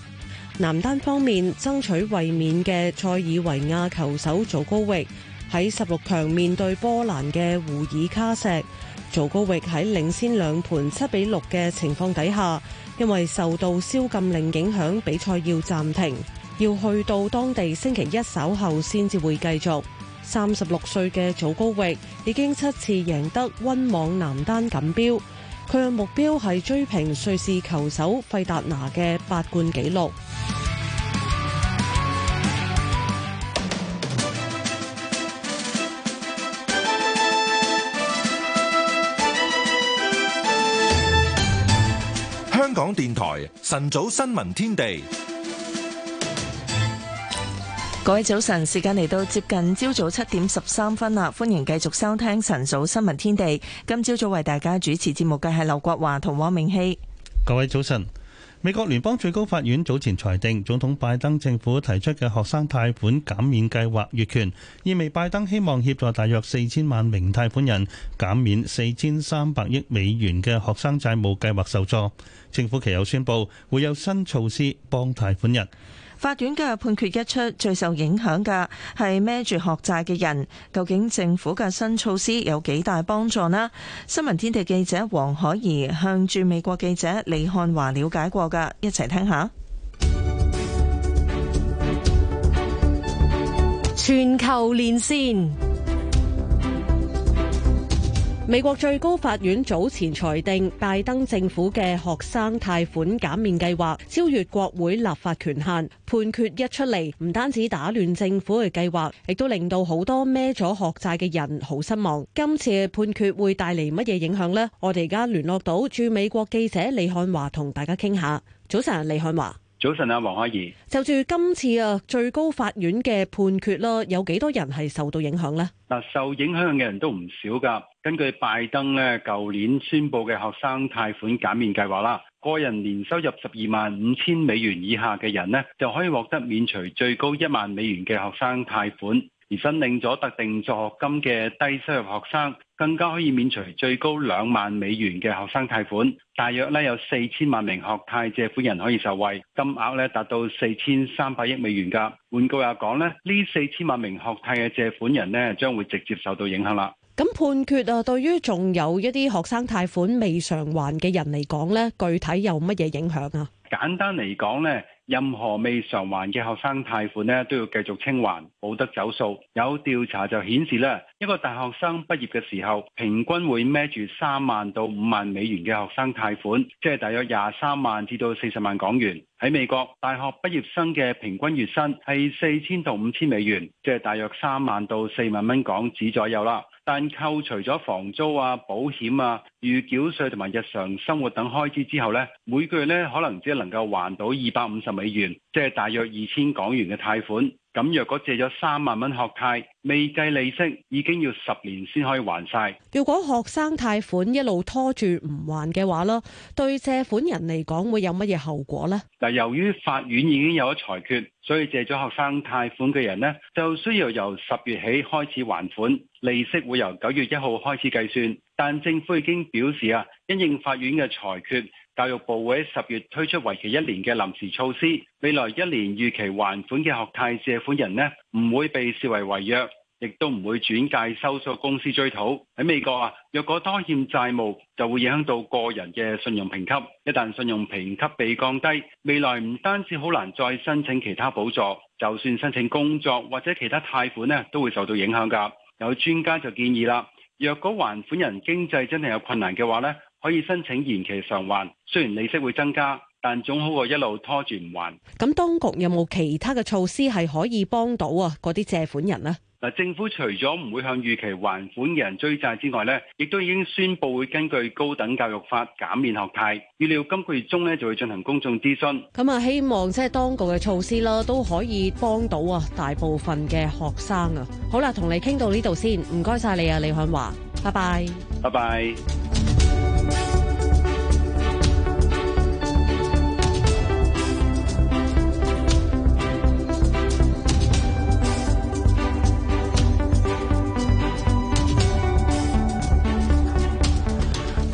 男單方面，爭取衛冕嘅塞爾維亞球手祖高域喺十六強面對波蘭嘅胡爾卡石。祖高域喺領先兩盤七比六嘅情況底下，因為受到宵禁令影響，比賽要暫停，要去到當地星期一稍後先至會繼續。三十六歲嘅祖高域已經七次贏得溫網男單錦標。佢嘅目標係追平瑞士球手費達拿嘅八冠紀錄。香港電台晨早新聞天地。各位早晨，時間嚟到接近朝早七點十三分啦，歡迎繼續收聽晨早新聞天地。今朝早為大家主持節目嘅係劉國華同汪明熙。各位早晨，美國聯邦最高法院早前裁定，總統拜登政府提出嘅學生貸款減免計劃越權，意味拜登希望協助大約四千萬名貸款人減免四千三百億美元嘅學生債務計劃受助。政府其後宣布會有新措施幫貸款人。法院嘅判決一出，最受影響嘅係孭住學債嘅人，究竟政府嘅新措施有幾大幫助呢？新聞天地記者黃海怡向駐美國記者李漢華了解過嘅，一齊聽下。全球連線。美國最高法院早前裁定拜登政府嘅學生貸款減免計劃超越國會立法權限。判決一出嚟，唔單止打亂政府嘅計劃，亦都令到好多孭咗學債嘅人好失望。今次嘅判決會帶嚟乜嘢影響呢？我哋而家聯絡到駐美國記者李漢華同大家傾下。早晨，李漢華。早晨啊，黃阿姨。就住今次啊，最高法院嘅判決啦，有幾多人係受到影響咧？嗱，受影響嘅人都唔少噶。根據拜登咧，舊年宣布嘅學生貸款減免計劃啦，個人年收入十二萬五千美元以下嘅人咧，就可以獲得免除最高一萬美元嘅學生貸款，而申領咗特定助學金嘅低收入學生，更加可以免除最高兩萬美元嘅學生貸款，大約咧有四千萬名學貸借款人可以受惠，金額咧達到四千三百億美元噶。換句話講咧，呢四千萬名學貸嘅借款人咧，將會直接受到影響啦。咁判決啊，對於仲有一啲學生貸款未償還嘅人嚟講咧，具體有乜嘢影響啊？簡單嚟講咧。任何未償還嘅學生貸款咧，都要繼續清還，冇得走數。有調查就顯示咧，一個大學生畢業嘅時候，平均會孭住三萬到五萬美元嘅學生貸款，即係大約廿三萬至到四十萬港元。喺美國，大學畢業生嘅平均月薪係四千到五千美元，即係大約三萬到四萬蚊港紙左右啦。但扣除咗房租啊、保險啊、預繳稅同埋日常生活等開支之後咧，每個月咧可能只能夠還到二百五十美元，即係大約二千港元嘅貸款。咁若果借咗三萬蚊學貸，未計利息，已經要十年先可以還晒。如果學生貸款一路拖住唔還嘅話，咯，對借款人嚟講會有乜嘢後果呢？嗱，由於法院已經有咗裁決，所以借咗學生貸款嘅人呢，就需要由十月起開始還款，利息會由九月一號開始計算。但政府已經表示啊，因應法院嘅裁決。教育部會喺十月推出為期一年嘅臨時措施，未來一年預期還款嘅學貸借款人呢，唔會被視為違約，亦都唔會轉介收數公司追討。喺美國啊，若果拖欠債務，就會影響到個人嘅信用評級。一旦信用評級被降低，未來唔單止好難再申請其他補助，就算申請工作或者其他貸款呢，都會受到影響㗎。有專家就建議啦，若果還款人經濟真係有困難嘅話呢。」可以申請延期償還，雖然利息會增加，但總好過一路拖住唔還。咁當局有冇其他嘅措施係可以幫到啊嗰啲借款人呢？嗱，政府除咗唔會向逾期還款嘅人追債之外呢，亦都已經宣布會根據高等教育法減免學貸。預料今個月中呢就會進行公眾諮詢。咁啊，希望即係當局嘅措施啦，都可以幫到啊大部分嘅學生啊。好啦，同你傾到呢度先，唔該晒你啊，李漢華，拜拜，拜拜。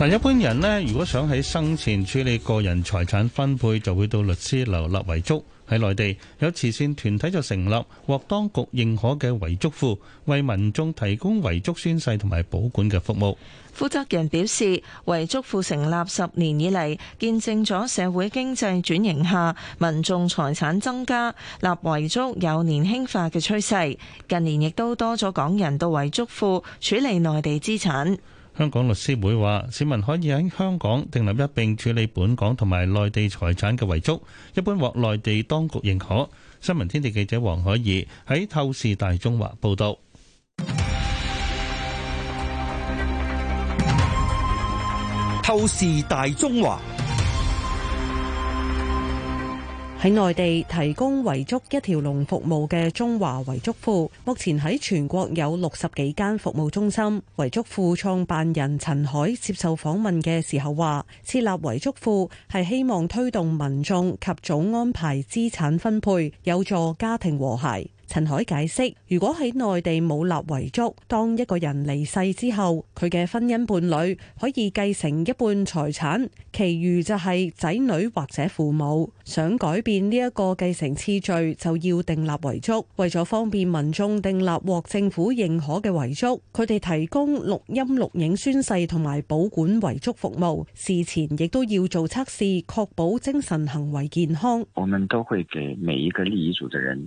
但一般人呢，如果想喺生前處理個人財產分配，就會到律師樓立遺囑。喺內地，有慈善團體就成立獲當局認可嘅遺囑庫，為民眾提供遺囑宣誓同埋保管嘅服務。負責人表示，遺囑庫成立十年以嚟，見證咗社會經濟轉型下民眾財產增加，立遺囑有年輕化嘅趨勢，近年亦都多咗港人到遺囑庫處理內地資產。香港律師會話，市民可以喺香港訂立一並處理本港同埋內地財產嘅遺囑，一般獲內地當局認可。新聞天地記者黃海怡喺《透視大中華》報道，《透視大中華》。喺內地提供遺囑一條龍服務嘅中華遺囑庫，目前喺全國有六十幾間服務中心。遺囑庫創辦人陳凱接受訪問嘅時候話，設立遺囑庫係希望推動民眾及早安排資產分配，有助家庭和諧。陳海解釋，如果喺內地冇立遺囑，當一個人離世之後，佢嘅婚姻伴侶可以繼承一半財產，其餘就係仔女或者父母。想改變呢一個繼承次序，就要訂立遺囑。為咗方便民眾訂立獲政府認可嘅遺囑，佢哋提供錄音錄影宣誓同埋保管遺囑服務。事前亦都要做測試，確保精神行為健康。我們都會給每一個立遺囑的人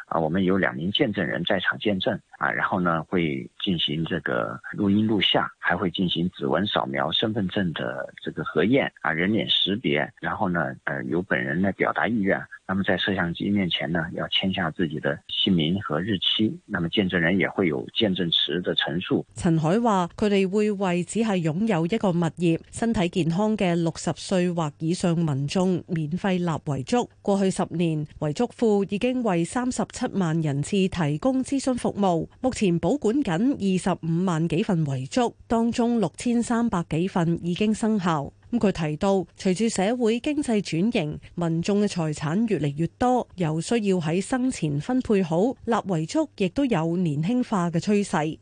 啊，我們有兩名見證人在場見證啊，然後呢會進行這個錄音錄像，還會進行指紋掃描、身份證的這個核驗啊、人臉識別，然後呢，呃，由本人來表達意願。那麼在攝像機面前呢，要簽下自己的姓名和日期。那麼見證人也會有見證詞的陳述。陳海話佢哋會為只係擁有一個物業、身體健康嘅六十歲或以上民眾免費立遺囑。過去十年，遺囑庫已經為三十。七萬人次提供諮詢服務，目前保管緊二十五萬幾份遺囑，當中六千三百幾份已經生效。咁佢提到，隨住社會經濟轉型，民眾嘅財產越嚟越多，又需要喺生前分配好立遺囑，亦都有年輕化嘅趨勢。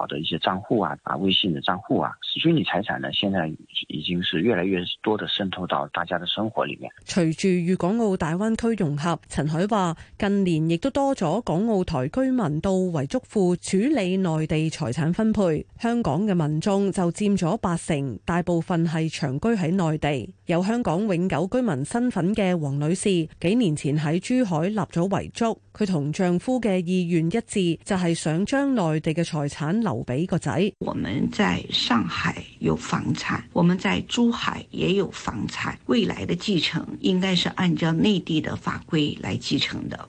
好的一些賬戶啊，啊微信的賬戶啊，虛擬財產呢，現在已經是越來越多的滲透到大家的生活裏面。隨住粵港澳大灣區融合，陳海話近年亦都多咗港澳台居民到遺囑庫處理內地財產分配。香港嘅民眾就佔咗八成，大部分係長居喺內地。有香港永久居民身份嘅黃女士，幾年前喺珠海立咗遺囑。佢同丈夫嘅意願一致，就係、是、想將內地嘅財產留俾個仔。我們在上海有房產，我們在珠海也有房產，未來的繼承應該是按照內地的法規來繼承的。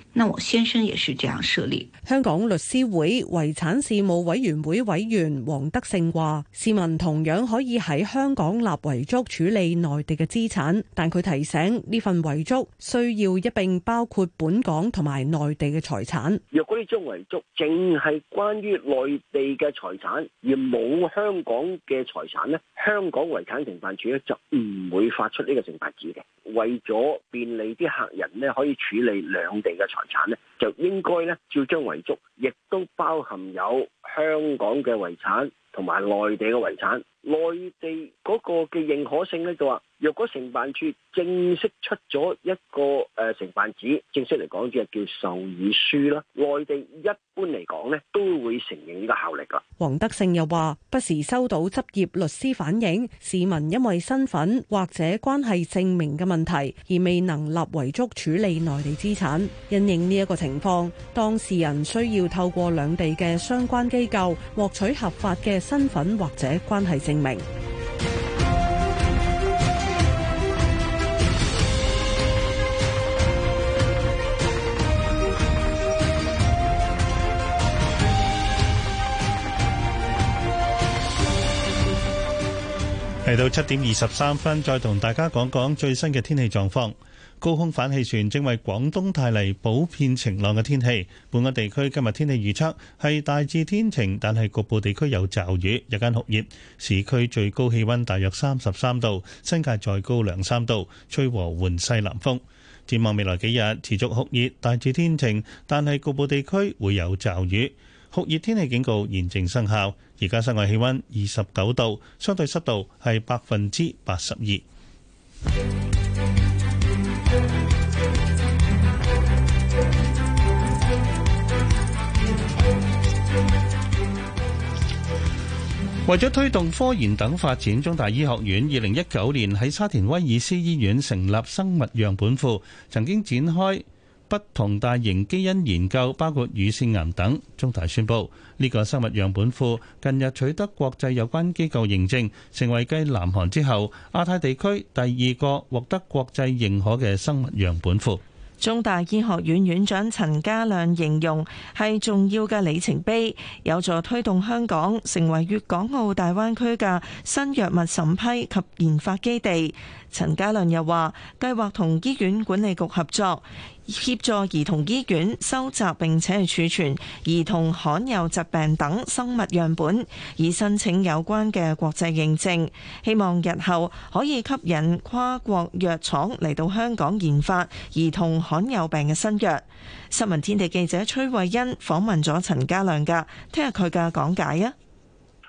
那我先生也是這樣設立。香港律師會遺產事務委員會委員王德勝話，市民同樣可以喺香港立遺囑處理內地嘅資產。但佢提醒呢份遺囑需要一併包括本港同埋內地嘅財產。若果呢張遺囑淨係關於內地嘅財產，而冇香港嘅財產，咧，香港遺產承辦處咧就唔會發出呢個承辦紙嘅。為咗便利啲客人咧可以處理兩地嘅財。遺產咧，就應該咧照章遺囑，亦都包含有香港嘅遺產。同埋內地嘅遺產，內地嗰個嘅認可性咧就話若果承辦處正式出咗一個誒承辦紙，正式嚟講，就係叫授與書啦。內地一般嚟講咧，都會承認呢個效力噶。黃德勝又話不時收到執業律師反映，市民因為身份或者關係證明嘅問題，而未能立遺囑處理內地資產，因應呢一個情況，當事人需要透過兩地嘅相關機構獲取合法嘅。身份或者關係證明。嚟到七點二十三分，再同大家講講最新嘅天氣狀況。高空反氣旋正為廣東帶嚟普遍晴朗嘅天氣。本港地區今日天氣預測係大致天晴，但係局部地區有驟雨，日間酷熱。市區最高氣温大約三十三度，新界再高兩三度，吹和緩西南風。展望未來幾日持續酷熱，大致天晴，但係局部地區會有驟雨。酷熱天氣警告現正生效。而家室外氣温二十九度，相對濕度係百分之八十二。為咗推動科研等發展，中大醫學院二零一九年喺沙田威爾斯醫院成立生物樣本庫，曾經展開不同大型基因研究，包括乳腺癌等。中大宣布，呢個生物樣本庫近日取得國際有關機構認證，成為繼南韓之後，亞太地區第二個獲得國際認可嘅生物樣本庫。中大醫學院院長陳家亮形容，係重要嘅里程碑，有助推動香港成為粵港澳大灣區嘅新藥物審批及研發基地。陳家亮又話：計劃同醫院管理局合作，協助兒童醫院收集並且係儲存兒童罕有疾病等生物樣本，以申請有關嘅國際認證，希望日後可以吸引跨國藥廠嚟到香港研發兒童罕有病嘅新藥。新聞天地記者崔慧欣訪問咗陳家亮㗎，聽下佢嘅講解啊！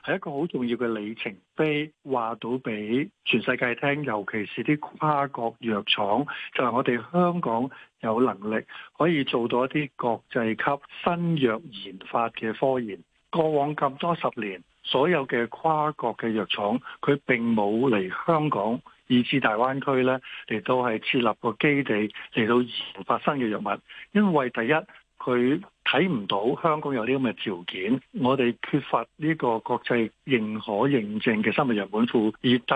係一個好重要嘅里程碑，話到俾全世界聽，尤其是啲跨國藥廠，就係、是、我哋香港有能力可以做到一啲國際級新藥研發嘅科研。過往咁多十年，所有嘅跨國嘅藥廠，佢並冇嚟香港，以至大灣區呢，嚟到係設立個基地，嚟到研發新嘅藥物，因為第一。佢睇唔到香港有啲咁嘅條件，我哋缺乏呢個國際認可認證嘅生物樣本庫，而第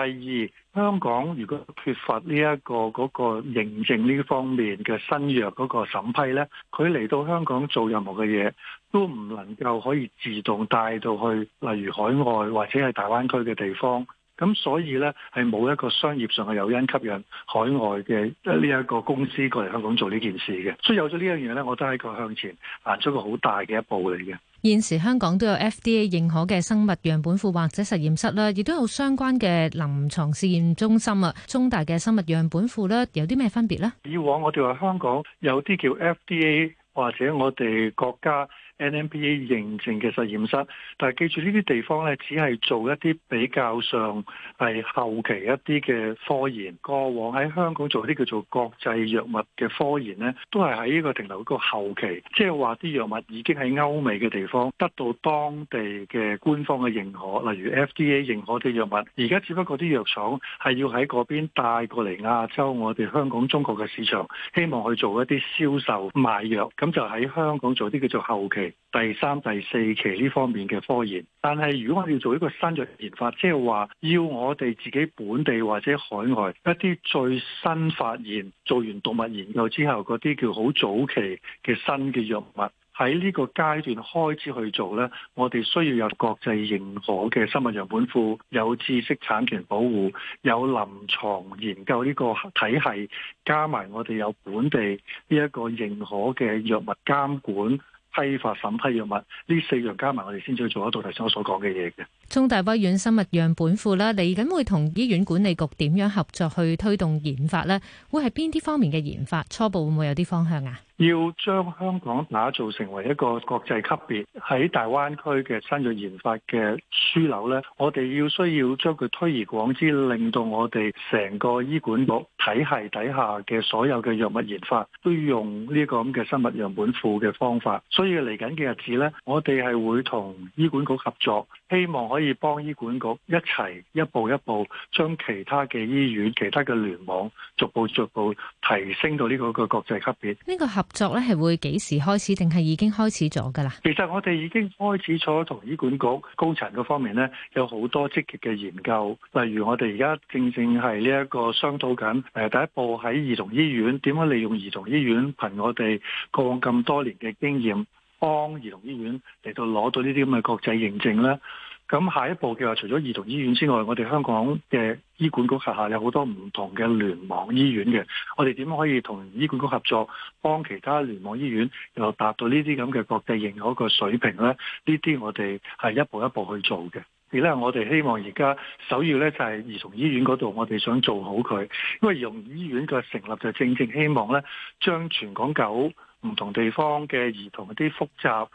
二，香港如果缺乏呢、這、一個嗰、那個認證呢方面嘅新藥嗰個審批咧，佢嚟到香港做任何嘅嘢，都唔能夠可以自動帶到去，例如海外或者係大灣區嘅地方。咁所以呢，係冇一個商業上嘅誘因吸引海外嘅呢一個公司過嚟香港做呢件事嘅。所以有咗呢一樣嘢呢，我都係一個向前行出個好大嘅一步嚟嘅。現時香港都有 FDA 認可嘅生物樣本庫或者實驗室啦，亦都有相關嘅臨床試驗中心啊。中大嘅生物樣本庫咧，有啲咩分別呢？以往我哋話香港有啲叫 FDA 或者我哋國家 NMPA 認證嘅實驗室，但係記住呢啲地方咧，只係做一啲比較上係後期一啲嘅科研。過往喺香港做啲叫做國際藥物嘅科研呢，都係喺呢個停留一個後期，即係話啲藥物已經喺歐美嘅地方得到當地嘅官方嘅認可，例如 FDA 認可啲藥物。而家只不過啲藥廠係要喺嗰邊帶過嚟亞洲，我哋香港、中國嘅市場，希望去做一啲銷售賣藥，咁就喺香港做啲叫做後期。第三、第四期呢方面嘅科研，但係如果我哋要做一個新藥研發，即係話要我哋自己本地或者海外一啲最新發現，做完動物研究之後，嗰啲叫好早期嘅新嘅藥物，喺呢個階段開始去做咧，我哋需要有國際認可嘅生物樣本庫，有知識產權保護，有臨床研究呢個體系，加埋我哋有本地呢一個認可嘅藥物監管。批發審批藥物呢四樣加埋，我哋先至做得到，頭先我所講嘅嘢嘅。中大威院生物樣本庫啦，嚟緊會同醫院管理局點樣合作去推動研發呢？會係邊啲方面嘅研發？初步會唔會有啲方向啊？要將香港打造成為一個國際級別喺大灣區嘅新藥研發嘅樞紐呢，我哋要需要將佢推而廣之，令到我哋成個醫管局體系底下嘅所有嘅藥物研發都要用呢個咁嘅生物樣本庫嘅方法。所以嚟緊嘅日子呢，我哋係會同醫管局合作，希望可以幫醫管局一齊一步一步將其他嘅醫院、其他嘅聯網逐步逐步提升到呢個個國際級別。呢個合。作咧係會幾時開始，定係已經開始咗噶啦？其實我哋已經開始咗同醫管局高層嗰方面咧，有好多積極嘅研究。例如我哋而家正正係呢一個商討緊，誒第一步喺兒童醫院，點樣利用兒童醫院憑我哋過往咁多年嘅經驗，幫兒童醫院嚟到攞到呢啲咁嘅國際認證咧。咁下一步嘅話，除咗兒童醫院之外，我哋香港嘅醫管局轄下有好多唔同嘅聯網醫院嘅，我哋點可以同醫管局合作，幫其他聯網醫院又達到呢啲咁嘅國際認可嘅水平咧？呢啲我哋係一步一步去做嘅。而咧，我哋希望而家首要咧就係、是、兒童醫院嗰度，我哋想做好佢，因為兒童醫院嘅成立就是、正正希望咧，將全港九唔同地方嘅兒童啲複雜，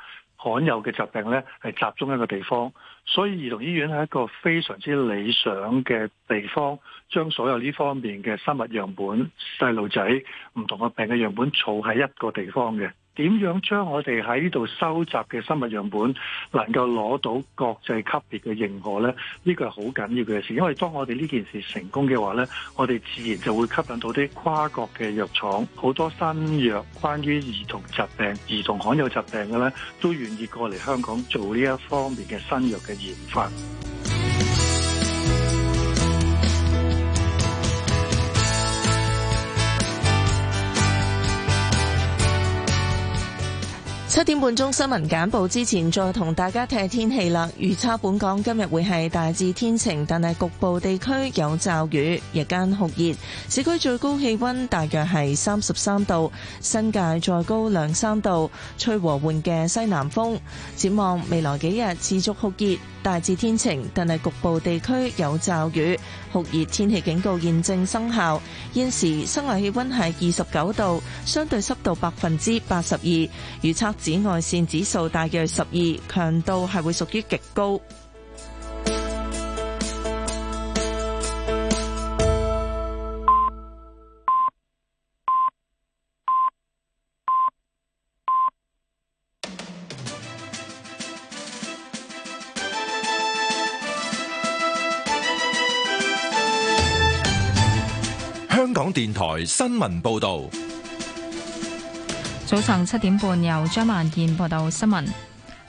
罕有嘅疾病咧，係集中一個地方，所以兒童醫院係一個非常之理想嘅地方，將所有呢方面嘅生物樣本、細路仔唔同嘅病嘅樣本，儲喺一個地方嘅。點樣將我哋喺呢度收集嘅生物樣本能夠攞到國際級別嘅認可呢？呢個係好緊要嘅事，因為當我哋呢件事成功嘅話呢，我哋自然就會吸引到啲跨國嘅藥廠，好多新藥關於兒童疾病、兒童罕有疾病嘅呢，都願意過嚟香港做呢一方面嘅新藥嘅研發。七點半鐘新聞簡報之前，再同大家睇天氣啦。預測本港今日會係大致天晴，但係局部地區有驟雨，日間酷熱，市區最高氣温大約係三十三度，新界再高兩三度，吹和緩嘅西南風。展望未來幾日持續酷熱，大致天晴，但係局部地區有驟雨。酷熱天氣警告現正生效，現時室外氣溫係二十九度，相對濕度百分之八十二，預測紫外線指數大約十二，強度係會屬於極高。電台新聞報道：早上七點半，由張曼燕報道新聞。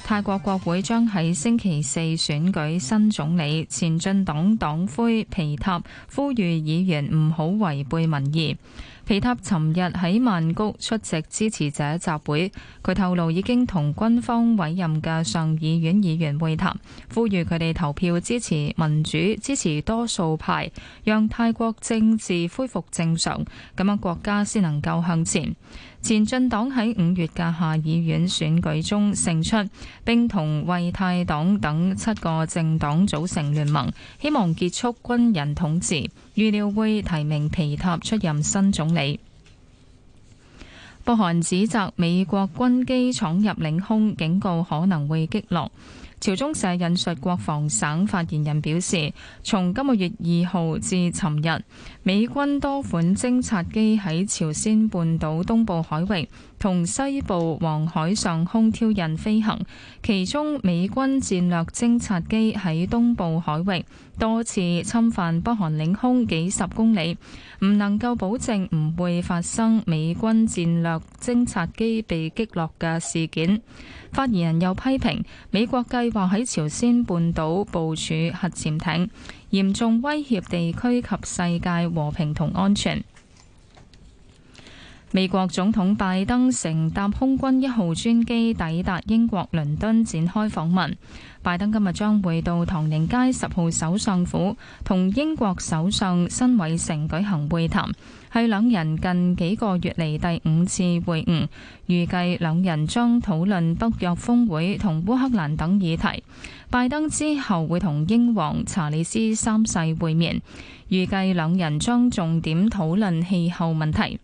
泰國國會將喺星期四選舉新總理，前進黨黨魁皮塔呼籲議員唔好違背民意。皮塔尋日喺曼谷出席支持者集會，佢透露已經同軍方委任嘅上議院議員會談，呼籲佢哋投票支持民主、支持多數派，讓泰國政治恢復正常，咁樣國家先能夠向前。前進黨喺五月嘅下議院選舉中勝出，並同為泰黨等七個政黨組成聯盟，希望結束軍人統治。預料會提名皮塔出任新總理。北韓指責美國軍機闖入領空，警告可能會擊落。朝中社引述國防省發言人表示，從今個月二號至尋日，美軍多款偵察機喺朝鮮半島東部海域同西部黃海上空挑釁飛行，其中美軍戰略偵察機喺東部海域，多次侵犯北韓領空幾十公里，唔能夠保證唔會發生美軍戰略偵察機被擊落嘅事件。發言人又批評美國計劃喺朝鮮半島部署核潛艇，嚴重威脅地區及世界和平同安全。美國總統拜登乘搭空軍一號專機抵達英國倫敦展開訪問。拜登今日將會到唐寧街十號首相府，同英國首相辛偉誠舉行會談，係兩人近幾個月嚟第五次會晤。預計兩人將討論北約峰會同烏克蘭等議題。拜登之後會同英皇查理斯三世會面，預計兩人將重點討論氣候問題。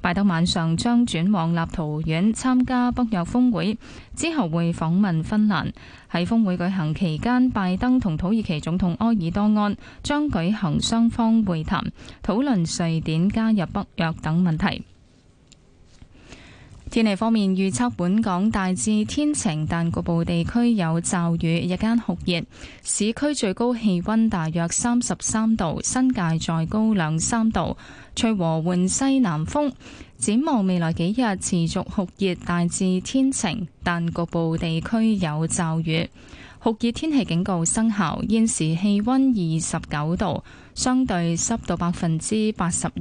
拜登晚上將轉往立陶宛參加北約峰會，之後會訪問芬蘭。喺峰會舉行期間，拜登同土耳其總統埃爾多安將舉行雙方會談，討論瑞典加入北約等問題。天氣方面預測，本港大致天晴，但局部地區有驟雨，日間酷熱，市區最高氣溫大約三十三度，新界再高兩三度，吹和緩西南風。展望未來幾日持續酷熱，大致天晴，但局部地區有驟雨，酷熱天氣警告生效。現時氣溫二十九度，相對濕度百分之八十二。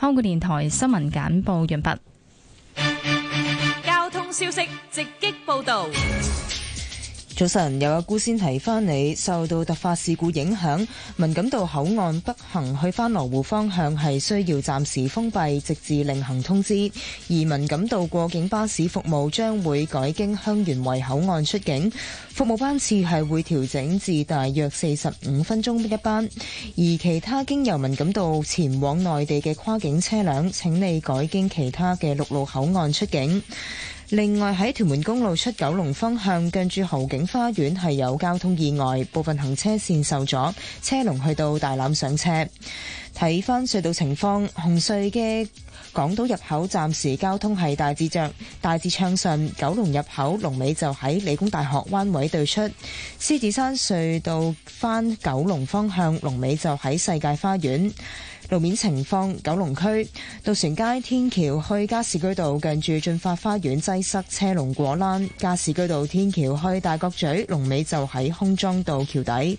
香港電台新聞簡報完畢。消息直擊報道。早晨，有阿姑先提翻你，受到突發事故影響，文錦道口岸北行去翻羅湖方向係需要暫時封閉，直至另行通知。而文錦道過境巴士服務將會改經香園圍口岸出境，服務班次係會調整至大約四十五分鐘一班。而其他經由文錦道前往內地嘅跨境車輛，請你改經其他嘅陸路口岸出境。另外喺屯門公路出九龍方向，近住豪景花園係有交通意外，部分行車線受阻，車龍去到大欖上斜。睇翻隧道情況，紅隧嘅港島入口暫時交通係大致着，大致暢順。九龍入口龍尾就喺理工大學灣位對出，獅子山隧道翻九龍方向龍尾就喺世界花園。路面情況，九龍區渡船街天橋去加士居道，近住進發花園擠塞，車龍果欄；加士居道天橋去大角咀，龍尾就喺康莊道橋底。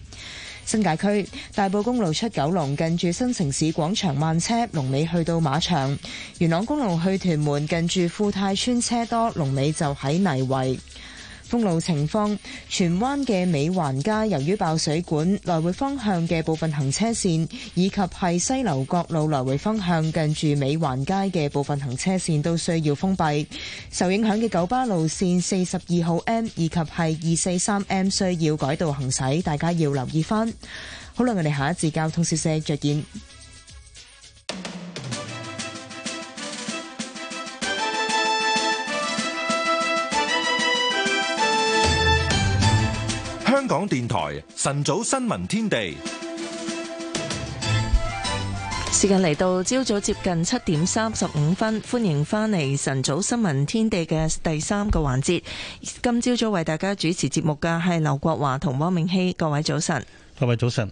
新界區大埔公路出九龍，近住新城市廣場慢車，龍尾去到馬場；元朗公路去屯門，近住富泰村車多，龍尾就喺泥圍。封路情況，荃灣嘅美環街由於爆水管，來回方向嘅部分行車線，以及係西樓角路來回方向近住美環街嘅部分行車線都需要封閉。受影響嘅九巴路線四十二號 M 以及係二四三 M 需要改道行駛，大家要留意翻。好啦，我哋下一節交通消息，再見。香港電台晨早新聞天地，時間嚟到朝早接近七點三十五分，歡迎返嚟晨早新聞天地嘅第三個環節。今朝早為大家主持節目嘅係劉國華同汪明熙。各位早晨，各位早晨。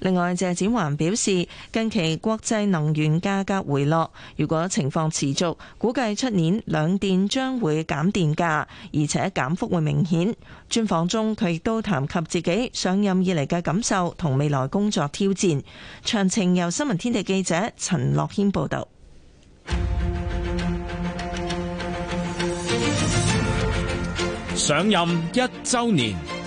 另外，謝展環表示，近期國際能源價格回落，如果情況持續，估計出年兩電將會減電價，而且減幅會明顯。專訪中，佢亦都談及自己上任以嚟嘅感受同未來工作挑戰。詳情由新聞天地記者陳樂軒報道。上任一週年。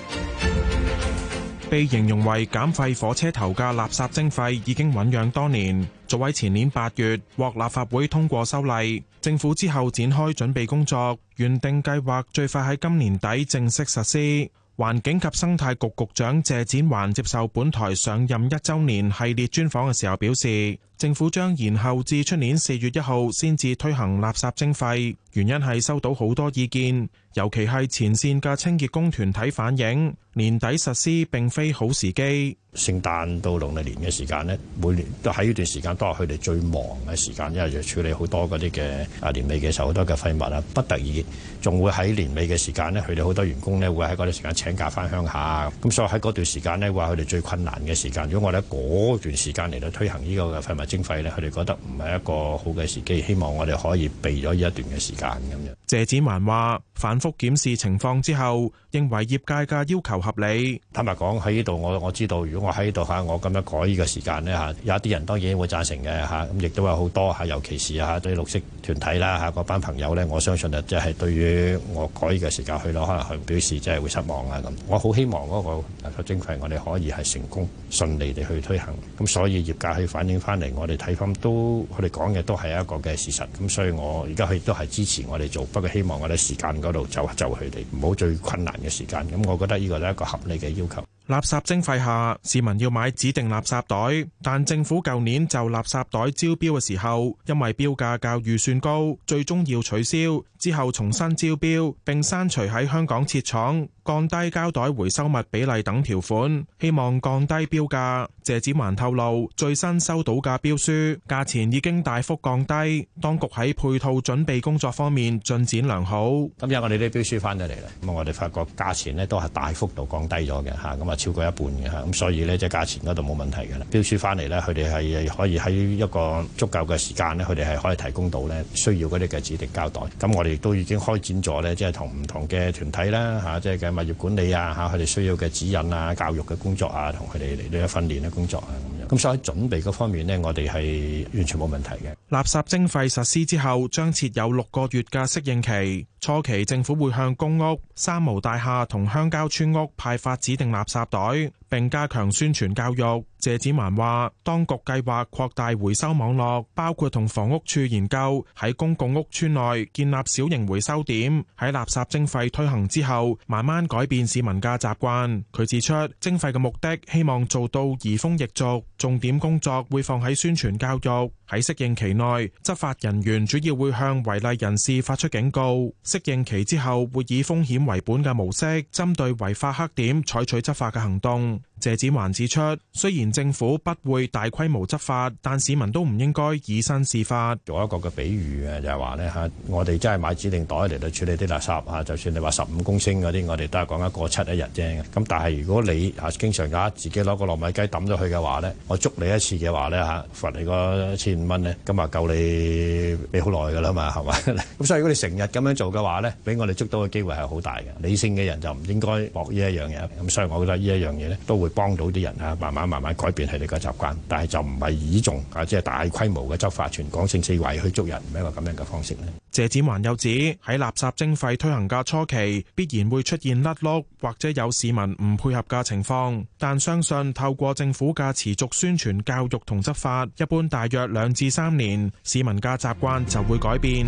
被形容為減廢火車頭嘅垃圾徵費已經醖釀多年，早喺前年八月獲立法會通過修例，政府之後展開準備工作，原定計劃最快喺今年底正式實施。環境及生態局局長謝展環接受本台上任一週年系列專訪嘅時候表示。政府將延後至出年四月一號先至推行垃圾徵費，原因係收到好多意見，尤其係前線嘅清潔工團體反映，年底實施並非好時機。聖誕到農曆年嘅時間呢，每年都喺呢段時間都係佢哋最忙嘅時間，因為要處理好多嗰啲嘅啊，年尾嘅時候好多嘅廢物啊，不得已仲會喺年尾嘅時間呢，佢哋好多員工咧會喺嗰段時間請假翻鄉下，咁所以喺嗰段時間咧話佢哋最困難嘅時間。如果我哋喺嗰段時間嚟到推行呢個廢物。經費咧，佢哋覺得唔係一個好嘅時機，希望我哋可以避咗呢一段嘅時間咁樣。謝子曼話。反覆檢視情況之後，認為業界嘅要求合理。坦白講喺呢度，我我知道，如果我喺呢度吓，我咁樣改呢個時間呢，吓，有一啲人當然會贊成嘅吓，咁亦都有好多吓，尤其是吓對綠色團體啦吓，嗰班朋友呢，我相信啊，即係對於我改呢個時間去咯，可能佢表示即係會失望啊咁。我好希望嗰、嗰個徵費我哋可以係成功順利地去推行。咁所以業界去反映翻嚟，我哋睇翻都佢哋講嘅都係一個嘅事實。咁所以我而家亦都係支持我哋做，不過希望我哋時間度走走佢哋，唔好最困難嘅時間。咁，我覺得呢個係一個合理嘅要求。垃圾徵費下，市民要買指定垃圾袋，但政府舊年就垃圾袋招標嘅時候，因為標價較預算高，最終要取消，之後重新招標並刪除喺香港設廠。降低膠袋回收物比例等條款，希望降低標價。謝展寰透露，最新收到嘅標書價錢已經大幅降低，當局喺配套準備工作方面進展良好。今日我哋啲標書翻咗嚟啦，咁我哋發覺價錢呢都係大幅度降低咗嘅吓，咁啊超過一半嘅吓，咁所以呢，即係價錢嗰度冇問題嘅啦。標書翻嚟呢，佢哋係可以喺一個足夠嘅時間呢，佢哋係可以提供到呢需要嗰啲嘅指定膠袋。咁我哋亦都已經開展咗呢，即係同唔同嘅團體啦吓，即係嘅。物業管理啊嚇，佢哋需要嘅指引啊、教育嘅工作啊，同佢哋嚟到一訓練嘅、啊、工作啊咁樣。咁所以喺準備嗰方面呢，我哋係完全冇問題嘅。垃圾徵費實施之後，將設有六個月嘅適應期。初期政府會向公屋、三無大廈同鄉郊村屋派發指定垃圾袋。並加強宣傳教育。謝子華話，當局計劃擴大回收網絡，包括同房屋處研究喺公共屋邨內建立小型回收點。喺垃圾徵費推行之後，慢慢改變市民嘅習慣。佢指出，徵費嘅目的希望做到移風易俗，重點工作會放喺宣傳教育。喺適應期內，執法人員主要會向違例人士發出警告；適應期之後，會以風險為本嘅模式，針對違法黑點採取執法嘅行動。謝展寰指出，雖然政府不會大規模執法，但市民都唔應該以身試法。做一個嘅比喻啊，就係話呢：「嚇，我哋真係買指定袋嚟到處理啲垃圾啊，就算你話十五公升嗰啲，我哋都係講緊過七一日啫。咁但係如果你啊經常啊自己攞個糯米雞抌咗去嘅話呢，我捉你一次嘅話呢，嚇，罰你個千五蚊呢，咁啊夠你俾好耐噶啦嘛，係嘛？咁 所以如果你成日咁樣做嘅話呢，俾我哋捉到嘅機會係好大嘅。理性嘅人就唔應該博呢一樣嘢。咁所以我覺得呢一樣嘢呢，都會，幫到啲人啊，慢慢慢慢改變佢哋嘅習慣，但係就唔係以種啊，即係大規模嘅執法、全港性四圍去捉人，一個咁樣嘅方式咧。謝展寰又指喺垃圾徵費推行嘅初期，必然會出現甩碌或者有市民唔配合嘅情況，但相信透過政府嘅持續宣傳教育同執法，一般大約兩至三年，市民嘅習慣就會改變。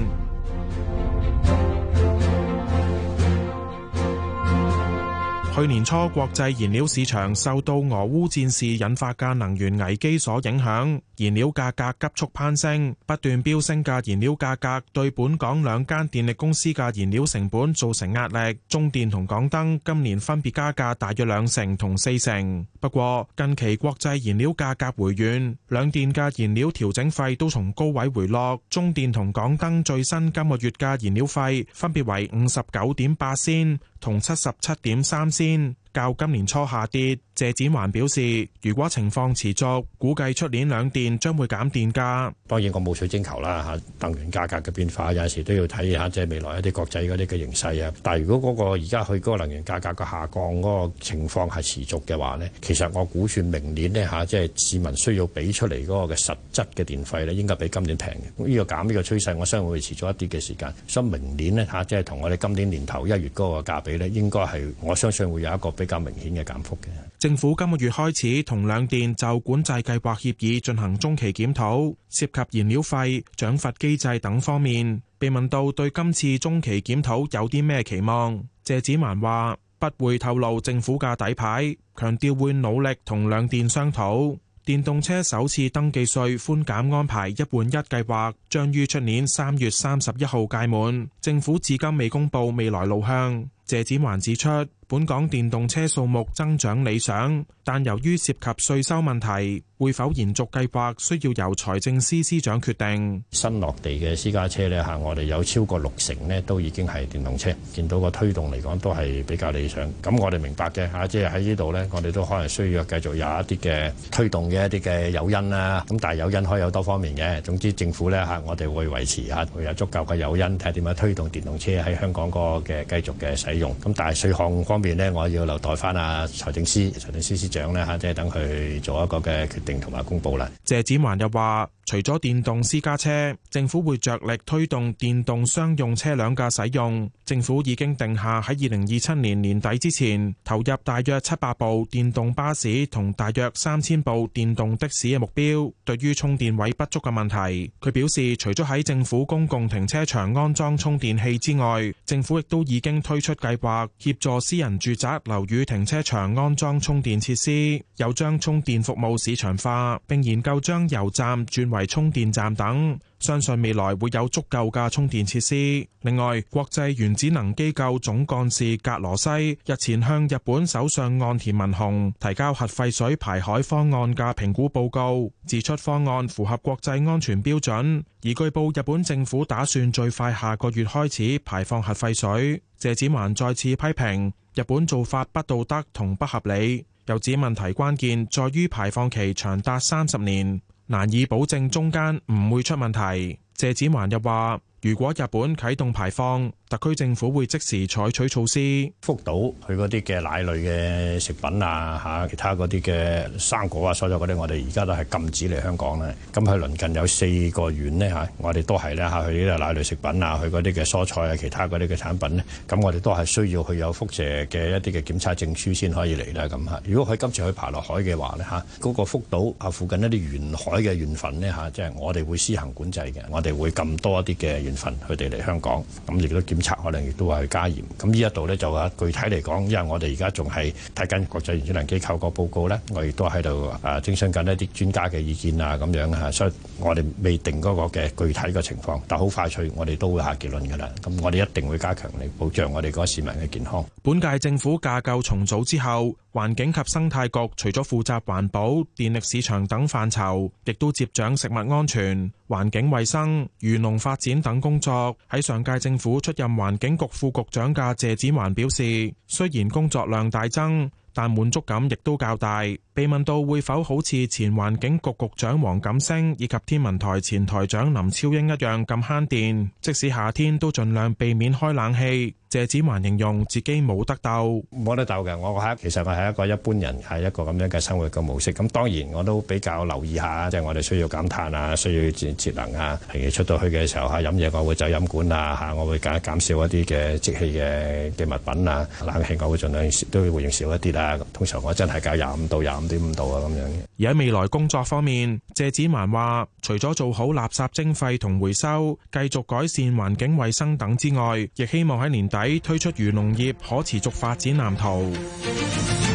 去年初，國際燃料市場受到俄烏戰事引發嘅能源危機所影響，燃料價格急速攀升。不斷飆升嘅燃料價格對本港兩間電力公司嘅燃料成本造成壓力。中電同港燈今年分別加價大約兩成同四成。不過，近期國際燃料價格回軟，兩電嘅燃料調整費都從高位回落。中電同港燈最新今個月嘅燃料費分別為五十九點八仙，同七十七點三仙。較今年初下跌，謝展寰表示，如果情況持續，估計出年兩電將會減電價。當然我冇水晶球啦，吓，能源價格嘅變化有陣時都要睇下，即係未來一啲國際嗰啲嘅形勢啊。但係如果嗰個而家去嗰個能源價格嘅下降嗰、嗰個情況係持續嘅話呢，其實我估算，明年呢，吓，即係市民需要俾出嚟嗰個嘅實質嘅電費呢，應該比今年平嘅。呢、呢個減呢個趨勢，我相信會持續一啲嘅時間，所以明年呢，吓，即係同我哋今年年頭一月嗰個價比呢，應該係我相信會有一個比較明顯嘅減幅嘅。政府今個月開始同兩電就管制計劃協議進行中期檢討，涉及燃料費、獎罰機制等方面。被問到對今次中期檢討有啲咩期望，謝子凡話：不會透露政府嘅底牌，強調會努力同兩電商討。電動車首次登記稅寬減安排一換一計劃將於出年三月三十一號屆滿，政府至今未公布未來路向。謝展環指出，本港電動車數目增長理想，但由於涉及稅收問題，會否延續計劃需要由財政司司長決定。新落地嘅私家車呢？嚇，我哋有超過六成呢，都已經係電動車，見到個推動嚟講都係比較理想。咁我哋明白嘅嚇，即係喺呢度呢，我哋都可能需要繼續有一啲嘅推動嘅一啲嘅誘因啦。咁但係誘因可以有多方面嘅，總之政府呢，嚇，我哋會維持嚇，會有足夠嘅誘因，睇下點樣推動電動車喺香港個嘅繼續嘅使用咁，但係稅項方面咧，我要留待返啊財政司財政司司長咧嚇，即係等佢做一個嘅決定同埋公佈啦。謝展環又話。除咗電動私家車，政府會着力推動電動商用車輛嘅使用。政府已經定下喺二零二七年年底之前投入大約七百部電動巴士同大約三千部電動的士嘅目標。對於充電位不足嘅問題，佢表示，除咗喺政府公共停車場安裝充電器之外，政府亦都已經推出計劃協助私人住宅樓宇停車場安裝充電設施，有將充電服務市場化，並研究將油站轉為充電站等，相信未來會有足夠嘅充電設施。另外，國際原子能機構總幹事格羅西日前向日本首相岸田文雄提交核廢水排海方案嘅評估報告，指出方案符合國際安全標準。而據報，日本政府打算最快下個月開始排放核廢水。謝展寰再次批評日本做法不道德同不合理，又指問題關鍵在於排放期長達三十年。難以保證中間唔會出問題。謝子環又話：如果日本啟動排放，特區政府會即時採取措施，福島佢嗰啲嘅奶類嘅食品啊，吓其他嗰啲嘅生果啊，所有嗰啲我哋而家都係禁止嚟香港咧。咁喺鄰近有四個縣呢，吓，我哋都係咧吓佢呢度奶類食品啊，佢嗰啲嘅蔬菜啊，其他嗰啲嘅產品呢，咁我哋都係需要去有輻射嘅一啲嘅檢測證書先可以嚟啦。咁吓，如果佢今次去排落海嘅話呢，吓，嗰個福島啊附近一啲沿海嘅鹽份呢，吓，即係我哋會施行管制嘅。哋會咁多一啲嘅緣分，佢哋嚟香港，咁亦都檢查，可能亦都去加嚴。咁呢一度咧就啊，具體嚟講，因為我哋而家仲係睇緊國際原子能機構個報告咧，我亦都喺度啊徵詢緊一啲專家嘅意見啊咁樣啊，所以我哋未定嗰個嘅具體個情況，但係好快脆，我哋都會下結論㗎啦。咁我哋一定會加強嚟保障我哋嗰市民嘅健康。本屆政府架構重組之後，環境及生態局除咗負責環保、電力市場等範疇，亦都接掌食物安全、環境衛生、漁農發展等工作，喺上屆政府出任環境局副局長嘅謝展環表示，雖然工作量大增，但滿足感亦都較大。被問到會否好似前環境局局長黃錦星以及天文台前台長林超英一樣咁慳電，即使夏天都盡量避免開冷氣。謝展寰形容自己冇得鬥，冇得鬥嘅，我吓其實我係一個一般人，係一個咁樣嘅生活嘅模式。咁當然我都比較留意下，即係我哋需要減碳啊，需要節節能啊。平時出到去嘅時候吓飲嘢，我會走飲管啊吓，我會減減少一啲嘅即棄嘅嘅物品啊，冷氣我會盡量都會用少一啲啦。通常我真係搞廿五度、廿五點五度啊咁樣。而喺未來工作方面，謝展寰話，除咗做好垃圾徵費同回收，繼續改善環境衛生等之外，亦希望喺年底。推出漁農業可持續發展藍圖。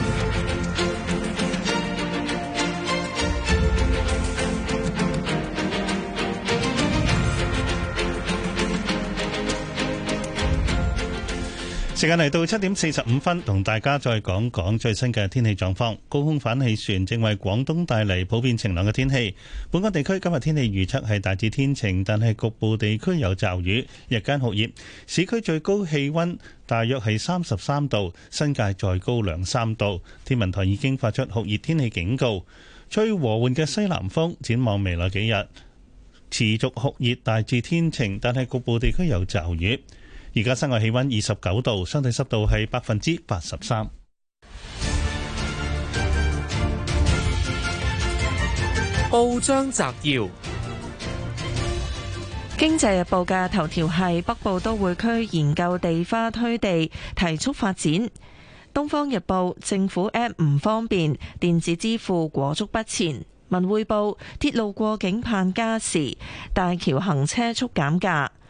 時間嚟到七點四十五分，同大家再講講最新嘅天氣狀況。高空反氣旋正為廣東帶嚟普遍晴朗嘅天氣。本港地區今日天氣預測係大致天晴，但係局部地區有驟雨。日間酷熱，市區最高氣温大約係三十三度，新界再高兩三度。天文台已經發出酷熱天氣警告。吹和緩嘅西南風，展望未來幾日持續酷熱，大致天晴，但係局部地區有驟雨。而家室外氣溫二十九度，相對濕度係百分之八十三。報章摘要：經濟日報嘅頭條係北部都會區研究地花推地提速發展；東方日報政府 App 唔方便，電子支付裹足不前；文匯報鐵路過境盼加時，大橋行車速減價。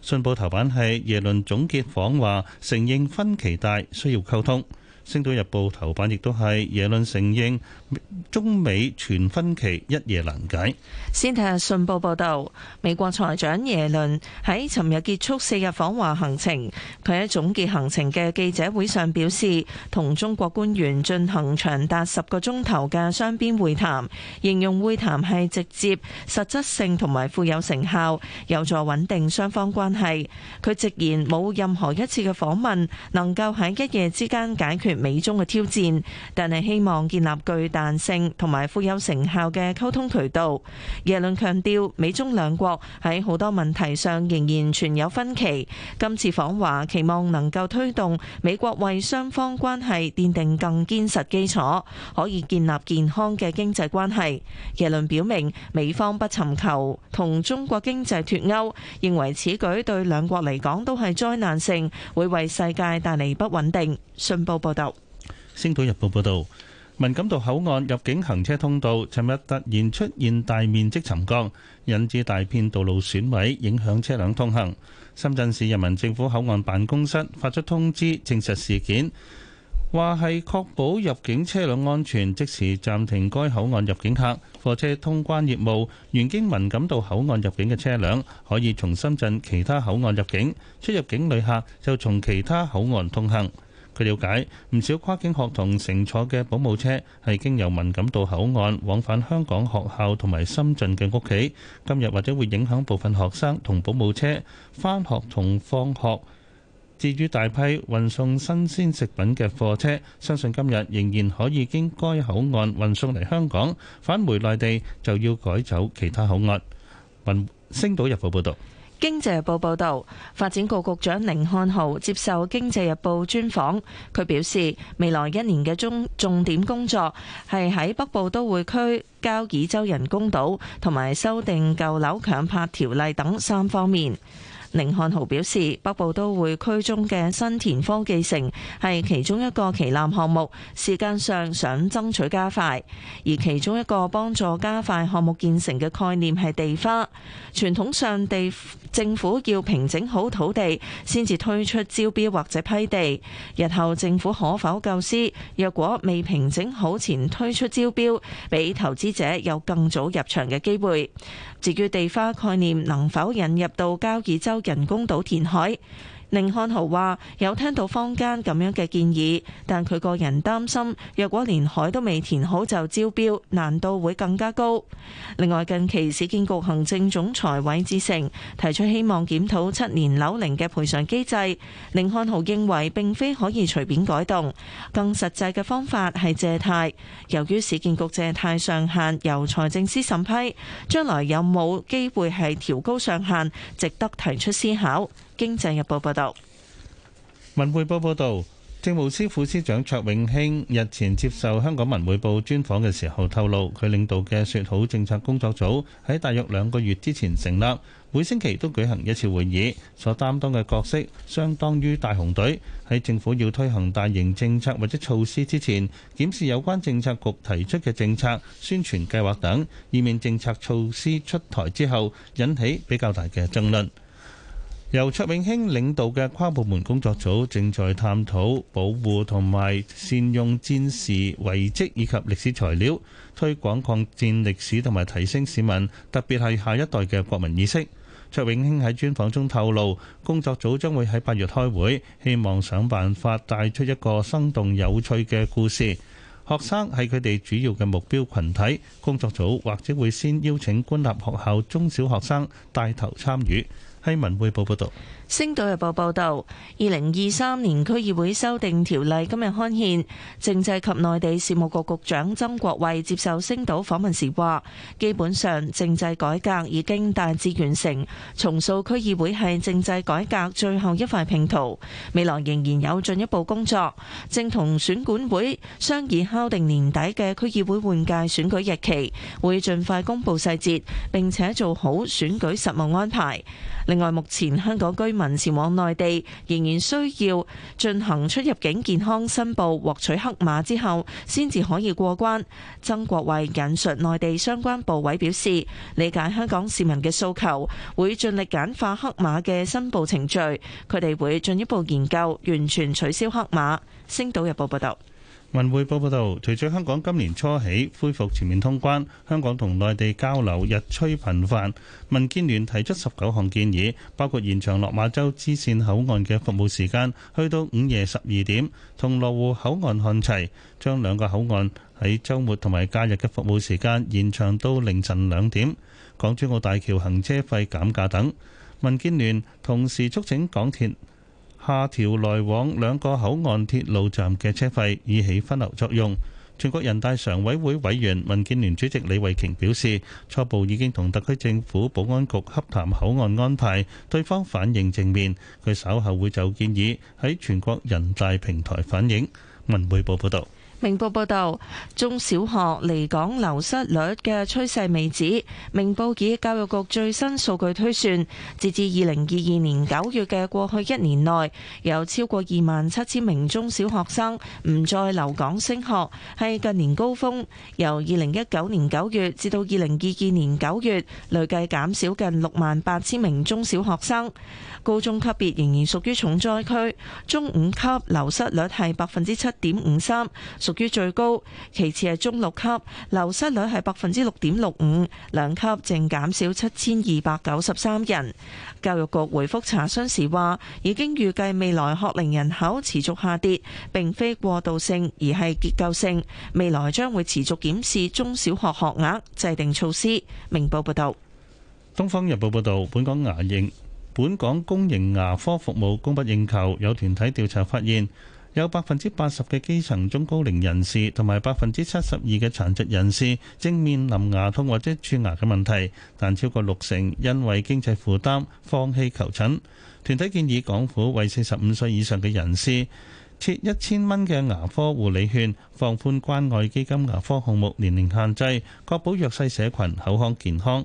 信報頭版係耶倫總結訪華承認分歧大，需要溝通。星島日報頭版亦都係耶倫承認。中美全分歧一夜難解。先睇下信報報道，美國財長耶倫喺尋日結束四日訪華行程，佢喺總結行程嘅記者會上表示，同中國官員進行長達十個鐘頭嘅雙邊會談，形容會談係直接、實質性同埋富有成效，有助穩定雙方關係。佢直言冇任何一次嘅訪問能夠喺一夜之間解決美中嘅挑戰，但係希望建立巨大。彈性同埋富有成效嘅溝通渠道。耶倫強調，美中兩國喺好多問題上仍然存有分歧。今次訪華期望能夠推動美國為雙方關係奠定更堅實基礎，可以建立健康嘅經濟關係。耶倫表明，美方不尋求同中國經濟脫鈎，認為此舉對兩國嚟講都係災難性，會為世界帶嚟不穩定。信報報導，《星島日報》報導。文錦渡口岸入境行車通道，尋日突然出現大面積沉降，引致大片道路損毀，影響車輛通行。深圳市人民政府口岸辦公室發出通知證實事件，話係確保入境車輛安全，即時暫停該口岸入境客貨車通關業務，原經文錦渡口岸入境嘅車輛可以從深圳其他口岸入境，出入境旅客就從其他口岸通行。據瞭解，唔少跨境學童乘坐嘅保姆車係經由文錦渡口岸往返香港學校同埋深圳嘅屋企。今日或者會影響部分學生同保姆車翻學同放學。至於大批運送新鮮食品嘅貨車，相信今日仍然可以經該口岸運送嚟香港，返回內地就要改走其他口岸。星島日報報道。經濟日報報道，發展局局長寧漢豪接受經濟日報專訪，佢表示未來一年嘅中重點工作係喺北部都會區、交椅洲人工島同埋修訂舊樓強拍條例等三方面。寧漢豪表示，北部都會區中嘅新田科技城係其中一個旗艦項目，時間上想爭取加快，而其中一個幫助加快項目建成嘅概念係地花，傳統上地，政府要平整好土地先至推出招標或者批地，日後政府可否構思，若果未平整好前推出招標，俾投資者有更早入場嘅機會。至於地花概念能否引入到交椅洲人工島填海？甯漢豪話：有聽到坊間咁樣嘅建議，但佢個人擔心，若果連海都未填好就招標，難度會更加高。另外，近期市建局行政總裁韋志成提出希望檢討七年樓齡嘅賠償機制，甯漢豪認為並非可以隨便改動，更實際嘅方法係借貸。由於市建局借貸上限由財政司審批，將來有冇機會係調高上限，值得提出思考。經濟日報報道，文匯報報道，政務司副司長卓永興日前接受香港文匯報專訪嘅時候透露，佢領導嘅說好政策工作組喺大約兩個月之前成立，每星期都舉行一次會議，所擔當嘅角色相當於大紅隊，喺政府要推行大型政策或者措施之前，檢視有關政策局提出嘅政策、宣傳計劃等，以免政策措施出台之後引起比較大嘅爭論。由卓永興領導嘅跨部門工作組正在探討保護同埋善用戰士遺蹟以及歷史材料，推廣抗戰歷史同埋提升市民，特別係下一代嘅國民意識。卓永興喺專訪中透露，工作組將會喺八月開會，希望想辦法帶出一個生動有趣嘅故事。學生係佢哋主要嘅目標群體，工作組或者會先邀請官立學校中小學生帶頭參與。《文匯報》報道，《星島日報》報道，二零二三年區議會修訂條例今日刊憲。政制及內地事務局局長曾國衛接受《星島》訪問時話，基本上政制改革已經大致完成，重塑區議會係政制改革最後一塊拼圖。未來仍然有進一步工作，正同選管會商議敲定年底嘅區議會換屆選舉日期，會盡快公布細節，並且做好選舉實務安排。另外，目前香港居民前往內地仍然需要進行出入境健康申報，獲取黑馬之後先至可以過關。曾國衛引述內地相關部委表示，理解香港市民嘅訴求，會盡力簡化黑馬嘅申報程序，佢哋會進一步研究完全取消黑馬。星島日報報道。文匯報報道，隨着香港今年初起恢復全面通關，香港同內地交流日趨頻繁。民建聯提出十九項建議，包括延長落馬洲支線口岸嘅服務時間，去到午夜十二點，同羅湖口岸看齊，將兩個口岸喺周末同埋假日嘅服務時間延長到凌晨兩點；港珠澳大橋行車費減價等。民建聯同時促請港鐵。下調來往兩個口岸鐵路站嘅車費，以起分流作用。全國人大常委會委員、民建聯主席李慧瓊表示，初步已經同特區政府保安局洽談口岸安排，對方反應正面。佢稍後會就建議喺全國人大平台反映。文匯報報道。明報報導，中小學離港流失率嘅趨勢未止。明報以教育局最新數據推算，截至二零二二年九月嘅過去一年內，有超過二萬七千名中小學生唔再留港升學，係近年高峰。由二零一九年九月至到二零二二年九月，累計減少近六萬八千名中小學生。高中級別仍然屬於重災區，中五級流失率係百分之七點五三，屬於最高；其次係中六級流失率係百分之六點六五，兩級淨減少七千二百九十三人。教育局回覆查詢時話，已經預計未來學齡人口持續下跌，並非過渡性，而係結構性。未來將會持續檢視中小學學額，制定措施。明報報道。《東方日報》報道，本港牙應。本港公營牙科服務供不應求，有團體調查發現，有百分之八十嘅基層中高齡人士同埋百分之七十二嘅殘疾人士正面臨牙痛或者蛀牙嘅問題，但超過六成因為經濟負擔放棄求診。團體建議港府為四十五歲以上嘅人士設一千蚊嘅牙科護理券，放寬關愛基金牙科項目年齡限制，確保弱勢社群口腔健康。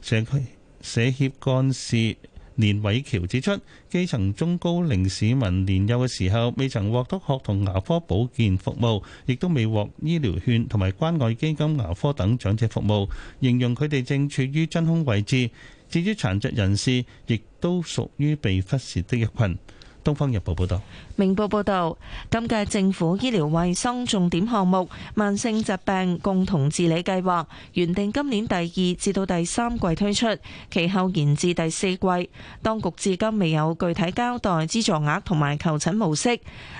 社區社協幹事。連偉橋指出，基層中高齡市民年幼嘅時候未曾獲得學童牙科保健服務，亦都未獲醫療券同埋關愛基金牙科等長者服務，形容佢哋正處於真空位置。至於殘疾人士，亦都屬於被忽視的一群。《東方日報》報導，《明報》報導，今屆政府醫療衞生重點項目慢性疾病共同治理計劃原定今年第二至到第三季推出，其後延至第四季。當局至今未有具體交代資助額同埋求診模式。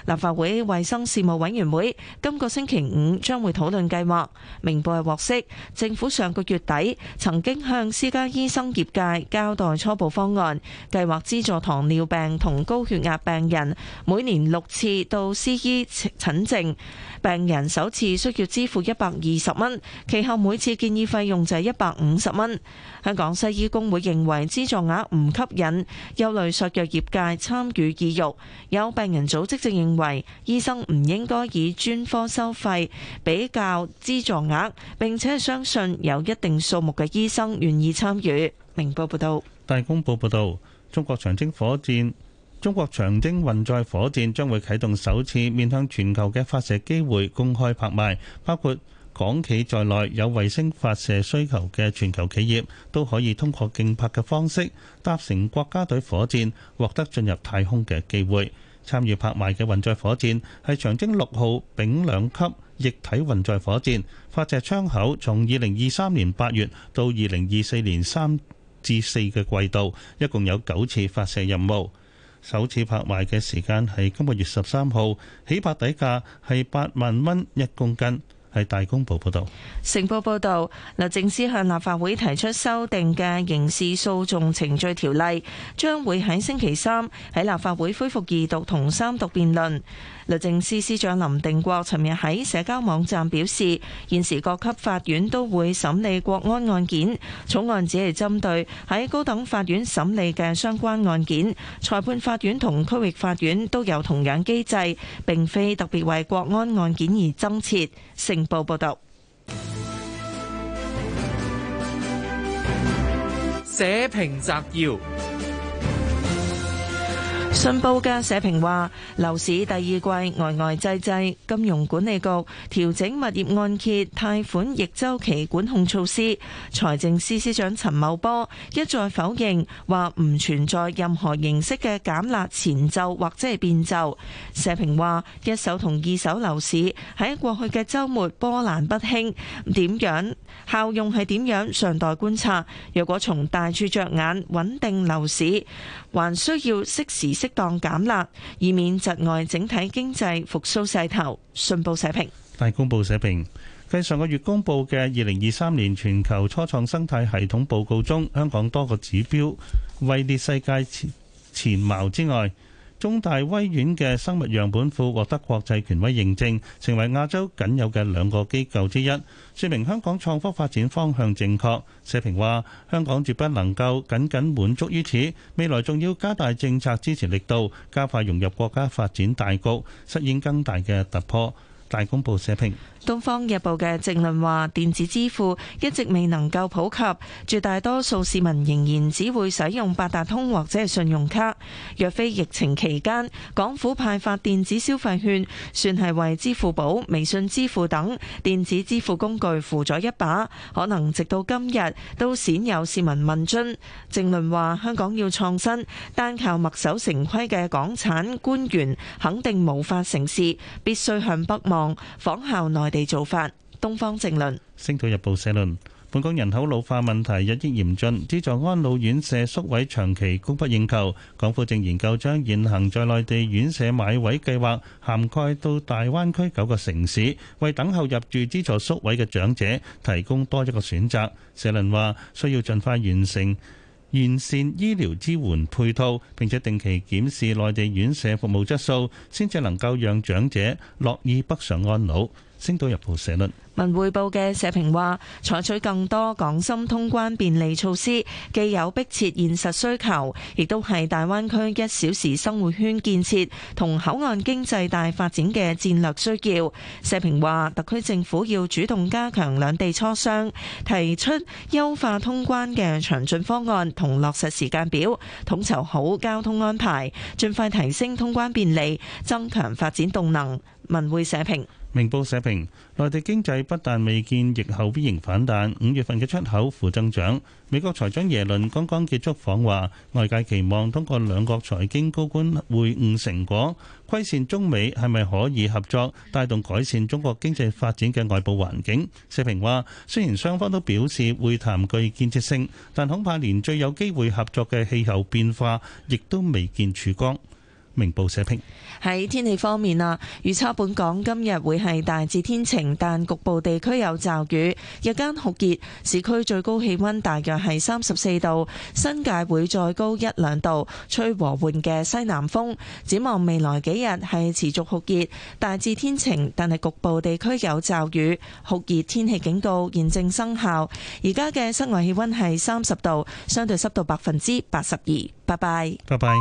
立法會衞生事務委員會今個星期五將會討論計劃。《明報》係獲悉，政府上個月底曾經向私家醫生業界交代初步方案，計劃資助糖尿病同高血壓。病人每年六次到私醫診症，病人首次需要支付一百二十蚊，其後每次建議費用就係一百五十蚊。香港西醫工會認為資助額唔吸引，憂慮削弱業界參與意欲。有病人組織就認為醫生唔應該以專科收費比較資助額，並且相信有一定數目嘅醫生願意參與。明報報道，大公報報道，中國長征火箭。中國長征運載火箭將會啟動首次面向全球嘅發射機會公開拍賣，包括港企在內有衛星發射需求嘅全球企業都可以通過競拍嘅方式搭乘國家隊火箭，獲得進入太空嘅機會。參與拍賣嘅運載火箭係長征六號丙兩級液體運載火箭，發射窗口從二零二三年八月到二零二四年三至四嘅季度，一共有九次發射任務。首次拍賣嘅時間係今個月十三號，起拍底價係八萬蚊一公斤。係大公報報道，成報報道，律政司向立法會提出修訂嘅刑事訴訟程序條例，將會喺星期三喺立法會恢復二讀同三讀辯論。律政司司長林定國尋日喺社交網站表示，現時各級法院都會審理國安案件，草案只係針對喺高等法院審理嘅相關案件，裁判法院同區域法院都有同樣機制，並非特別為國安案件而增設。成報報道。社評摘要。信報嘅社評話，樓市第二季呆呆滯滯，金融管理局調整物業按揭貸款逆周期管控措施。財政司司長陳茂波一再否認，話唔存在任何形式嘅減辣前奏或者係變奏。社評話，一手同二手樓市喺過去嘅週末波瀾不興，點樣效用係點樣，尚待觀察。若果從大處着眼，穩定樓市，還需要適時適當減辣，以免窒礙整體經濟復甦勢頭。信報社評。大公報社評，繼上個月公佈嘅二零二三年全球初創生態系統報告中，香港多個指標位列世界前前茅之外。中大威院嘅生物樣本庫獲得國際權威認證，成為亞洲僅有嘅兩個機構之一，說明香港創科發展方向正確。社評話香港絕不能夠僅僅滿足於此，未來仲要加大政策支持力度，加快融入國家發展大局，實現更大嘅突破。大公報社評。東方日報嘅政論話，電子支付一直未能夠普及，絕大多數市民仍然只會使用八達通或者係信用卡。若非疫情期間港府派發電子消費券，算係為支付寶、微信支付等電子支付工具扶咗一把，可能直到今日都鮮有市民問津。政論話，香港要創新，單靠墨守成規嘅港產官員肯定無法成事，必須向北望，仿效內地做法。東方正論。星島日報社論。本港人口老化問題日益嚴峻，資助安老院舍宿位長期供不應求。港府正研究將現行在內地院舍買位計劃涵蓋到大灣區九個城市，為等候入住資助宿位嘅長者提供多一個選擇。社論話，需要盡快完成完善醫療支援配套，並且定期檢視內地院舍服務質素，先至能夠讓長者樂意北上安老。星島日報社論文匯報嘅社評話，採取更多港深通關便利措施，既有迫切現實需求，亦都係大灣區一小時生活圈建設同口岸經濟大發展嘅戰略需要。社評話，特區政府要主動加強兩地磋商，提出優化通關嘅詳盡方案同落實時間表，統籌好交通安排，盡快提升通關便利，增強發展動能。文匯社評。明報社評，內地經濟不但未見疫後 V 型反彈，五月份嘅出口負增長，美國財長耶倫剛剛結束訪華，外界期望通過兩國財經高官會晤成果，規限中美係咪可以合作，帶動改善中國經濟發展嘅外部環境。社評話，雖然雙方都表示會談具建設性，但恐怕連最有機會合作嘅氣候變化，亦都未見曙光。明報社評：喺天氣方面啊，預測本港今日會係大致天晴，但局部地區有驟雨，日間酷熱，市區最高氣温大約係三十四度，新界會再高一兩度，吹和緩嘅西南風。展望未來幾日係持續酷熱，大致天晴，但係局部地區有驟雨，酷熱天氣警告現正生效。而家嘅室外氣温係三十度，相對濕度百分之八十二。拜拜，拜拜。